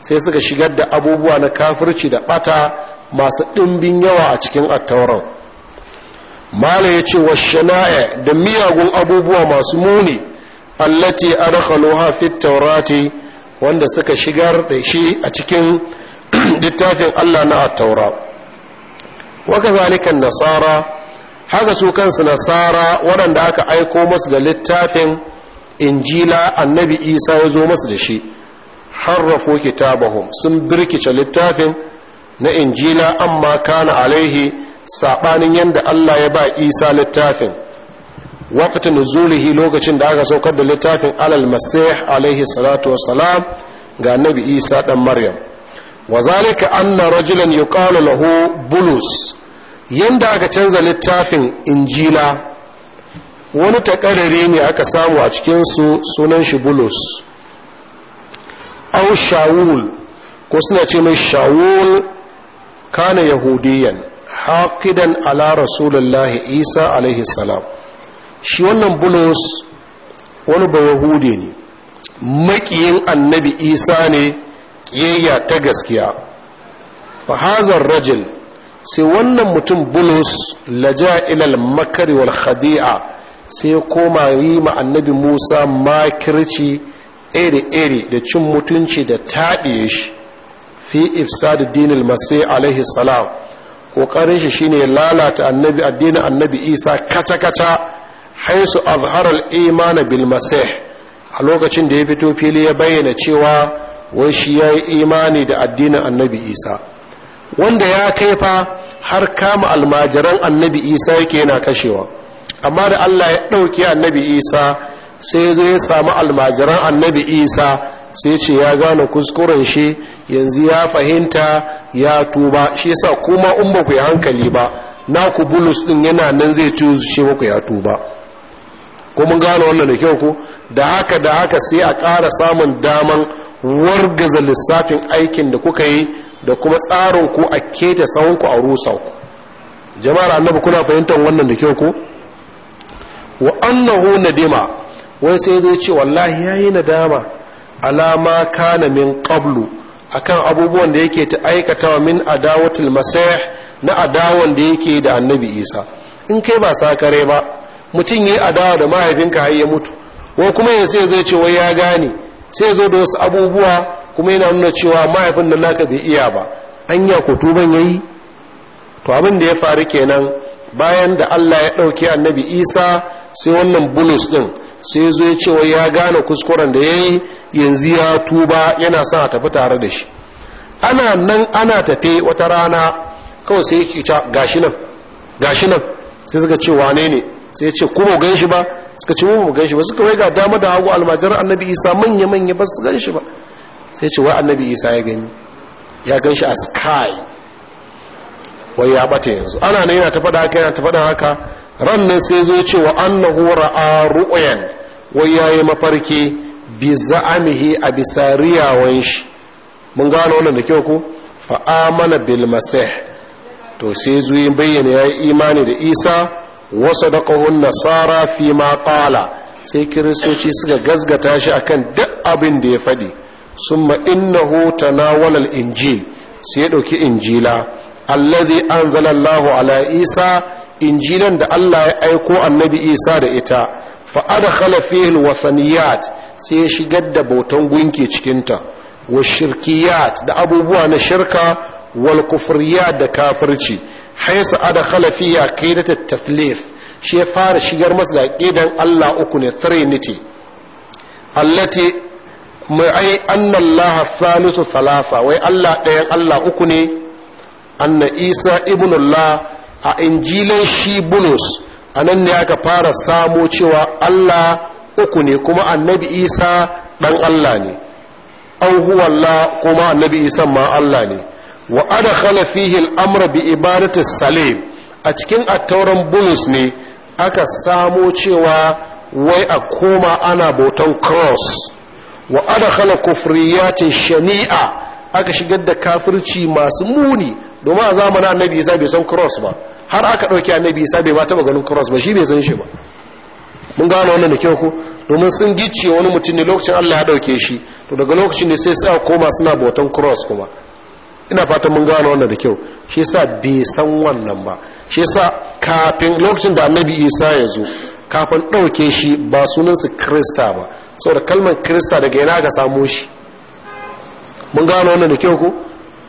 sai suka shigar da abubuwa na kafirci da bata masu dimbin yawa a cikin attauran tauran mala yace wa shana'a da miyagun abubuwa masu muni allati adkhaluha fi taurati wanda suka shigar da shi a cikin littafin Allah na at-taura wa kadhalika nasara haka su kansu nasara waɗanda aka aiko musu da littafin injila annabi isa ya zo musu da shi harrafo kitabahum sun birkice littafin na injila amma kana alaihi saɓanin yadda Allah ya ba isa littafin waqtin nuzulihi lokacin da aka saukar da littafin alal masih alaihi salatu wassalam ga nabi isa dan maryam wa zalika anna rajulan yuqalu lahu bulus yanda aka canza littafin injila wani takarare ne aka samu a cikin su sunan shi bulus aw shawul ko suna ce mai shawul kana yahudiyan haqidan ala rasulullahi isa alaihi salam shi wannan bulus wani ba yahude ne makiyin annabi isa ne ƙiyayya ta gaskiya fahazar rajil sai wannan mutum bulus laja ilal makari wal khadi'a sai koma yi ma annabi musa makirci iri-iri da cin mutunci da taɗe shi fi ifsad dinil masai alaihi salam ƙoƙarin shi shine lalata annabi addinin annabi isa kaca-kaca haisu azharar imanin bilmasih a lokacin da ya fito fili ya bayyana cewa wai shi ya yi imani da addinin annabi isa wanda ya kai fa har kama almajiran annabi isa yake yana kashewa amma da allah ya ɗauki annabi isa sai ya zo ya samu almajiran annabi isa sai ce ya gane kuskuren shi yanzu ya fahimta ya tuba shi yasa kuma in ba ku yi hankali ba na ku bulus din yana nan zai ci ce ku ya tuba ko mun gano wannan da kyau ko da haka da haka sai a ƙara samun daman wargaza lissafin aikin da kuka yi da kuma tsarin ku a keta ku a rusa ku jama'ar annabi kuna fahimtar wannan da kyau ko wa annahu nadima wai sai zai ce wallahi yayi nadama alama kana min qablu akan abubuwan da yake ta aikatawa min adawatul masih na adawan da yake da annabi isa in kai ba sakare ba mutum yi adawa da mahaifinka har ya mutu wa kuma yin sai zai ce ya gane sai zo da wasu abubuwa kuma yana nuna cewa mahaifin da naka bai iya ba yi ko tuban yayi to abin da ya faru kenan bayan da Allah ya dauke annabi Isa sai wannan bulus din sai zo ya ce ya gane kuskuren da yayi yanzu ya tuba yana sa a tafi tare da shi ana nan ana tafe wata rana kawai sai yake gashi nan gashi nan sai suka ce wane ne sai ce ku ba gan shi ba suka ce mu gan shi ba suka ga dama da hagu almajiran annabi isa manya manya ba su gan shi ba sai ce wa annabi isa ya gani ya gan shi a sky wai ya bata yanzu ana na yana ta faɗa haka yana ta faɗa haka ran nan sai zo ce wa annahu ra'a ru'yan wai yayi mafarki bi za'amihi a bisa riyawan shi mun gano wannan da kyau ko fa amana bil masih to sai zuwa bayyana yayi imani da isa wasu daƙahun nasara fi ma ƙala sai kiristoci suka gazgata shi akan duk abin da ya faɗi sun ma'innahu na walal injil sai ya ɗauki injila allazi an zalallahu ala isa injilan da allah ya aiko annabi isa da ita fa'ada khalafihil wasaniyat sai ya shigar da bautan gunki cikinta wa shirkiyat da abubuwa na shirka wal kufriyat da kafirci haisu ada khalafiya kaidata tathlith shi ya fara shigar masa da aqidan Allah uku ne trinity allati mai ai anna Allah thalithu thalatha wai Allah ɗayan Allah uku ne anna Isa ibn a injilin shi bulus a nan ne aka fara samo cewa Allah uku ne kuma annabi Isa ɗan Allah ne an Allah kuma annabi Isa ma Allah ne wa khala fihi al-amra bi ibadati salim a cikin attauran bulus ne aka samo cewa wai a koma ana botan cross wa khala kufriyatin shani'a aka shigar da kafirci masu muni domin a zamanin annabi isa bai san cross ba har aka dauki annabi isa bai ba taba ganin cross ba shi bai san shi ba mun gano wannan da kyau ko domin sun gicce wani mutum ne lokacin Allah ya dauke shi to daga lokacin ne sai a koma suna botan cross kuma ina fatan mun gano wannan da kyau shi yasa bai san wannan ba shi yasa kafin lokacin da annabi isa ya zo kafin ɗauke shi ba sunansu krista ba saboda kalmar krista daga yana aka samu shi mun gano wannan da kyau ko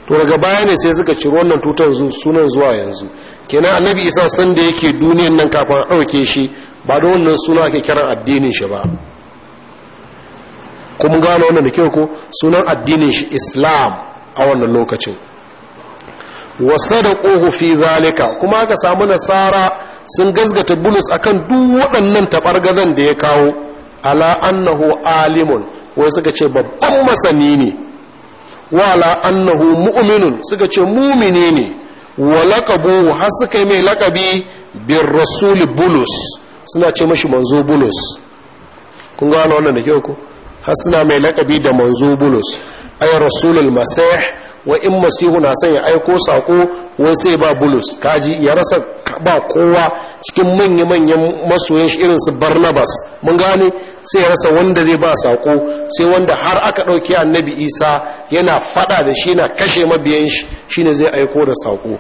to daga baya ne sai suka ciro wannan tutar sunan zuwa yanzu kenan annabi isa san da yake duniyan nan kafin a ɗauke shi ba da wannan suna ake kiran addinin shi ba kuma gano wannan da kyau ko sunan addinin shi islam a wannan lokacin ƙohu fi zalika kuma ka samu nasara sun gazgata bulus akan duk waɗannan taɓargazan da ya kawo ala annahu alimun wai suka ce babban masani ne wa ala annahu mu'minun suka ce mumini ne wa laqabu har suka yi mai laƙabi bin rasul bulus suna ce mashi manzo bulus kun gano wannan da kyau ko har suna mai laƙabi da manzo bulus ay rasulul masih wa in masihu na son ya aiko sako wai sai ba bulus kaji ya rasa ba kowa cikin manya manyan masoyan shi irin su barnabas mun gane sai ya rasa wanda zai ba sako sai wanda har aka dauki annabi isa yana fada da shi yana kashe mabiyan shi shine zai aiko da sako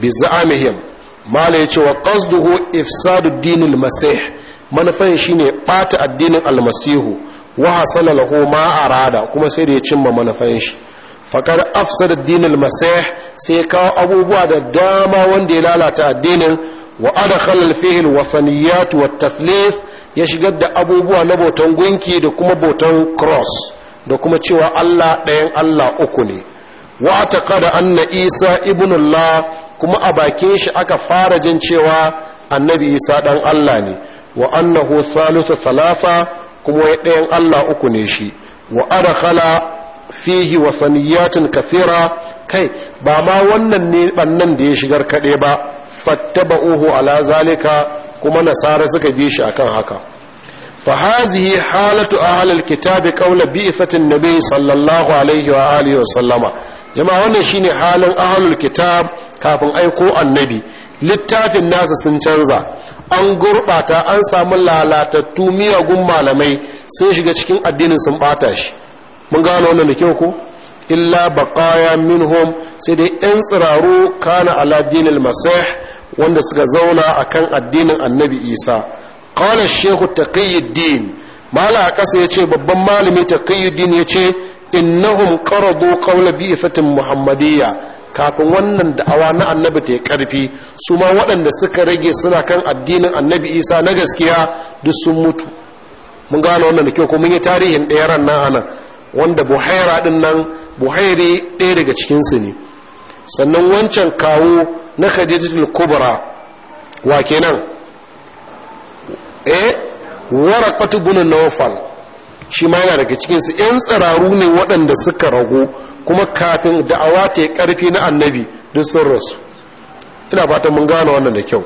bi za'amihim mala yace wa qasduhu ifsadu dinil masih manufan shine bata addinin almasihu wa hasala lahu ma arada kuma sai da ya cimma manufan shi faqad afsada din al-masih sai kawo abubuwa da dama wanda ya lalata addinin wa adkhala fihi al-wafaniyat wa at taflif ya shigar da abubuwa na botan gunki da kuma botan cross da kuma cewa Allah ɗayan Allah uku ne wa taqada anna Isa allah kuma a bakin shi aka fara jin cewa annabi Isa dan Allah ne wa annahu salatu thalatha kuma ya ɗayan Allah uku ne shi wa adkhala fihi wasaniyatin kathira kai ba ma wannan ne bannan da ya shigar kaɗai ba fattaba'uhu ala zalika kuma nasara suka bi shi akan haka fa hazihi halatu ahlil kitabi qawla bi'thatin nabiy sallallahu alaihi wa alihi wa sallama jama'a wannan shine halin ahlul kitab kafin aiko annabi littafin nasa sun canza an gurɓata an samu lalatattu miyagun malamai sun shiga cikin addinin sun ɓata shi mun gano wannan da kyau ko illa baqaya minhum sai dai yan tsiraru kana ala dinil masih wanda suka zauna akan addinin annabi isa qala shaykhu taqiyuddin mala ya yace babban malami taqiyuddin yace innahum qaradu qawla bi'fatin muhammadiyya kafin wannan da'awa na annabi ta yi karfi su ma waɗanda suka rage suna kan addinin annabi isa na gaskiya duk sun mutu mun gane wannan da kyau kuma yi tarihin ɗaya ran nan ana wanda buhaira ɗin nan buhairi ɗaya daga cikinsu ne sannan wancan kawo na khadijatul kubra wa kenan eh waraqatu bin nawfal shi ma yana daga cikinsu ‘yan tsararu ne waɗanda suka ragu kuma kafin da'awa ta yi ƙarfi na annabi duk sun rasu ina fatan mun gane wannan da kyau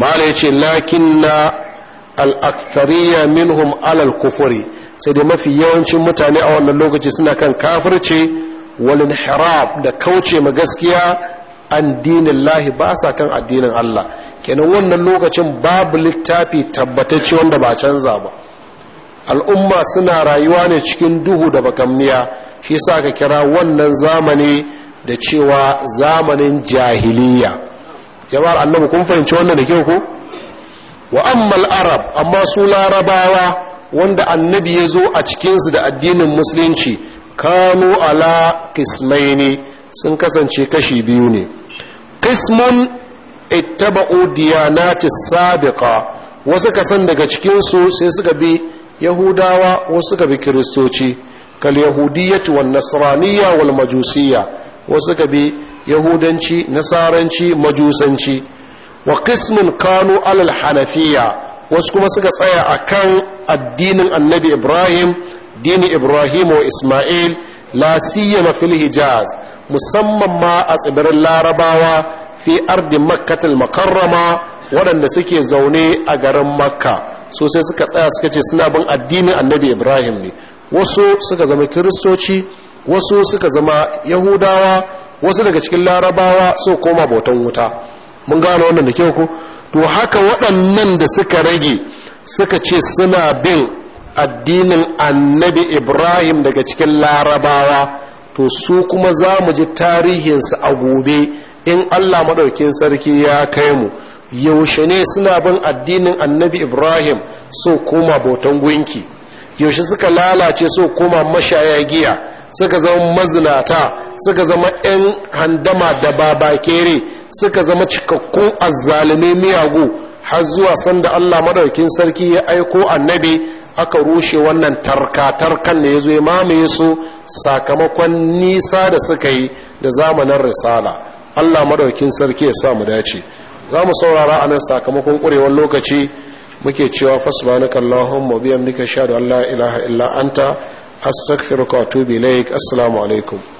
mala ya ce lakin na al'aktariya minhum alal kufuri sai dai mafi yawancin mutane a wannan lokaci suna kan kafirce walin harab da kauce ma gaskiya an dinin lahi ba sa kan addinin allah kenan wannan lokacin babu littafi tabbatacce wanda ba canza ba al'umma suna rayuwa ne cikin duhu da bakamniya shi sa ka kira wannan zamani da cewa zamanin jahiliya ba annabu kun fahimci wannan da kyau ko wa ammal arab amma su larabawa wanda annabi ya zo a cikinsu da addinin musulunci kanu ala kismaini sun kasance kashi biyu ne kismun ittaba'u diyanatis sabiqa wasu kasan daga cikinsu sai suka bi yahudawa wasu ka bi kiristoci kal yahudiyyatu wan nasraniyya wal majusiyya wasu ka bi yahudanci nasaranci majusanci wa qismun kanu alal hanafiyya wasu kuma suka tsaya akan addinin annabi ibrahim dini ibrahim wa isma'il la siyama fil hijaz musamman ma a tsibirin larabawa fi ardi makkatul makarrama waɗanda suke zaune a garin makka Sosai sai suka tsaya suka ce suna bin addinin annabi ibrahim ne wasu suka zama kiristoci wasu suka zama yahudawa wasu daga cikin larabawa su koma bautan wuta mun gano wannan da kyau ku to haka waɗannan da suka rage suka ce suna bin addinin annabi ibrahim daga cikin larabawa to su kuma za mu ji tarihinsu a gobe in allah maɗaukin sarki ya kai mu yaushe ne suna bin addinin annabi ibrahim so koma bautan gunki yaushe suka lalace so koma mashaya giya suka zama mazinata suka zama 'yan handama da babakere suka zama cikakkun azzalume miyagu har zuwa sanda allah madaukin sarki ya aiko annabi aka rushe wannan tarka-tarkan da ya zo ya mamaye su sakamakon nisa da suka yi da zamanin risala allah madaukin sarki ya sa mu dace za mu saurara a nan sakamakon ƙurewar lokaci muke cewa fasbanaka biyan nika sha da la ilaha illa anta astaghfiruka wa atubu assalamu alaikum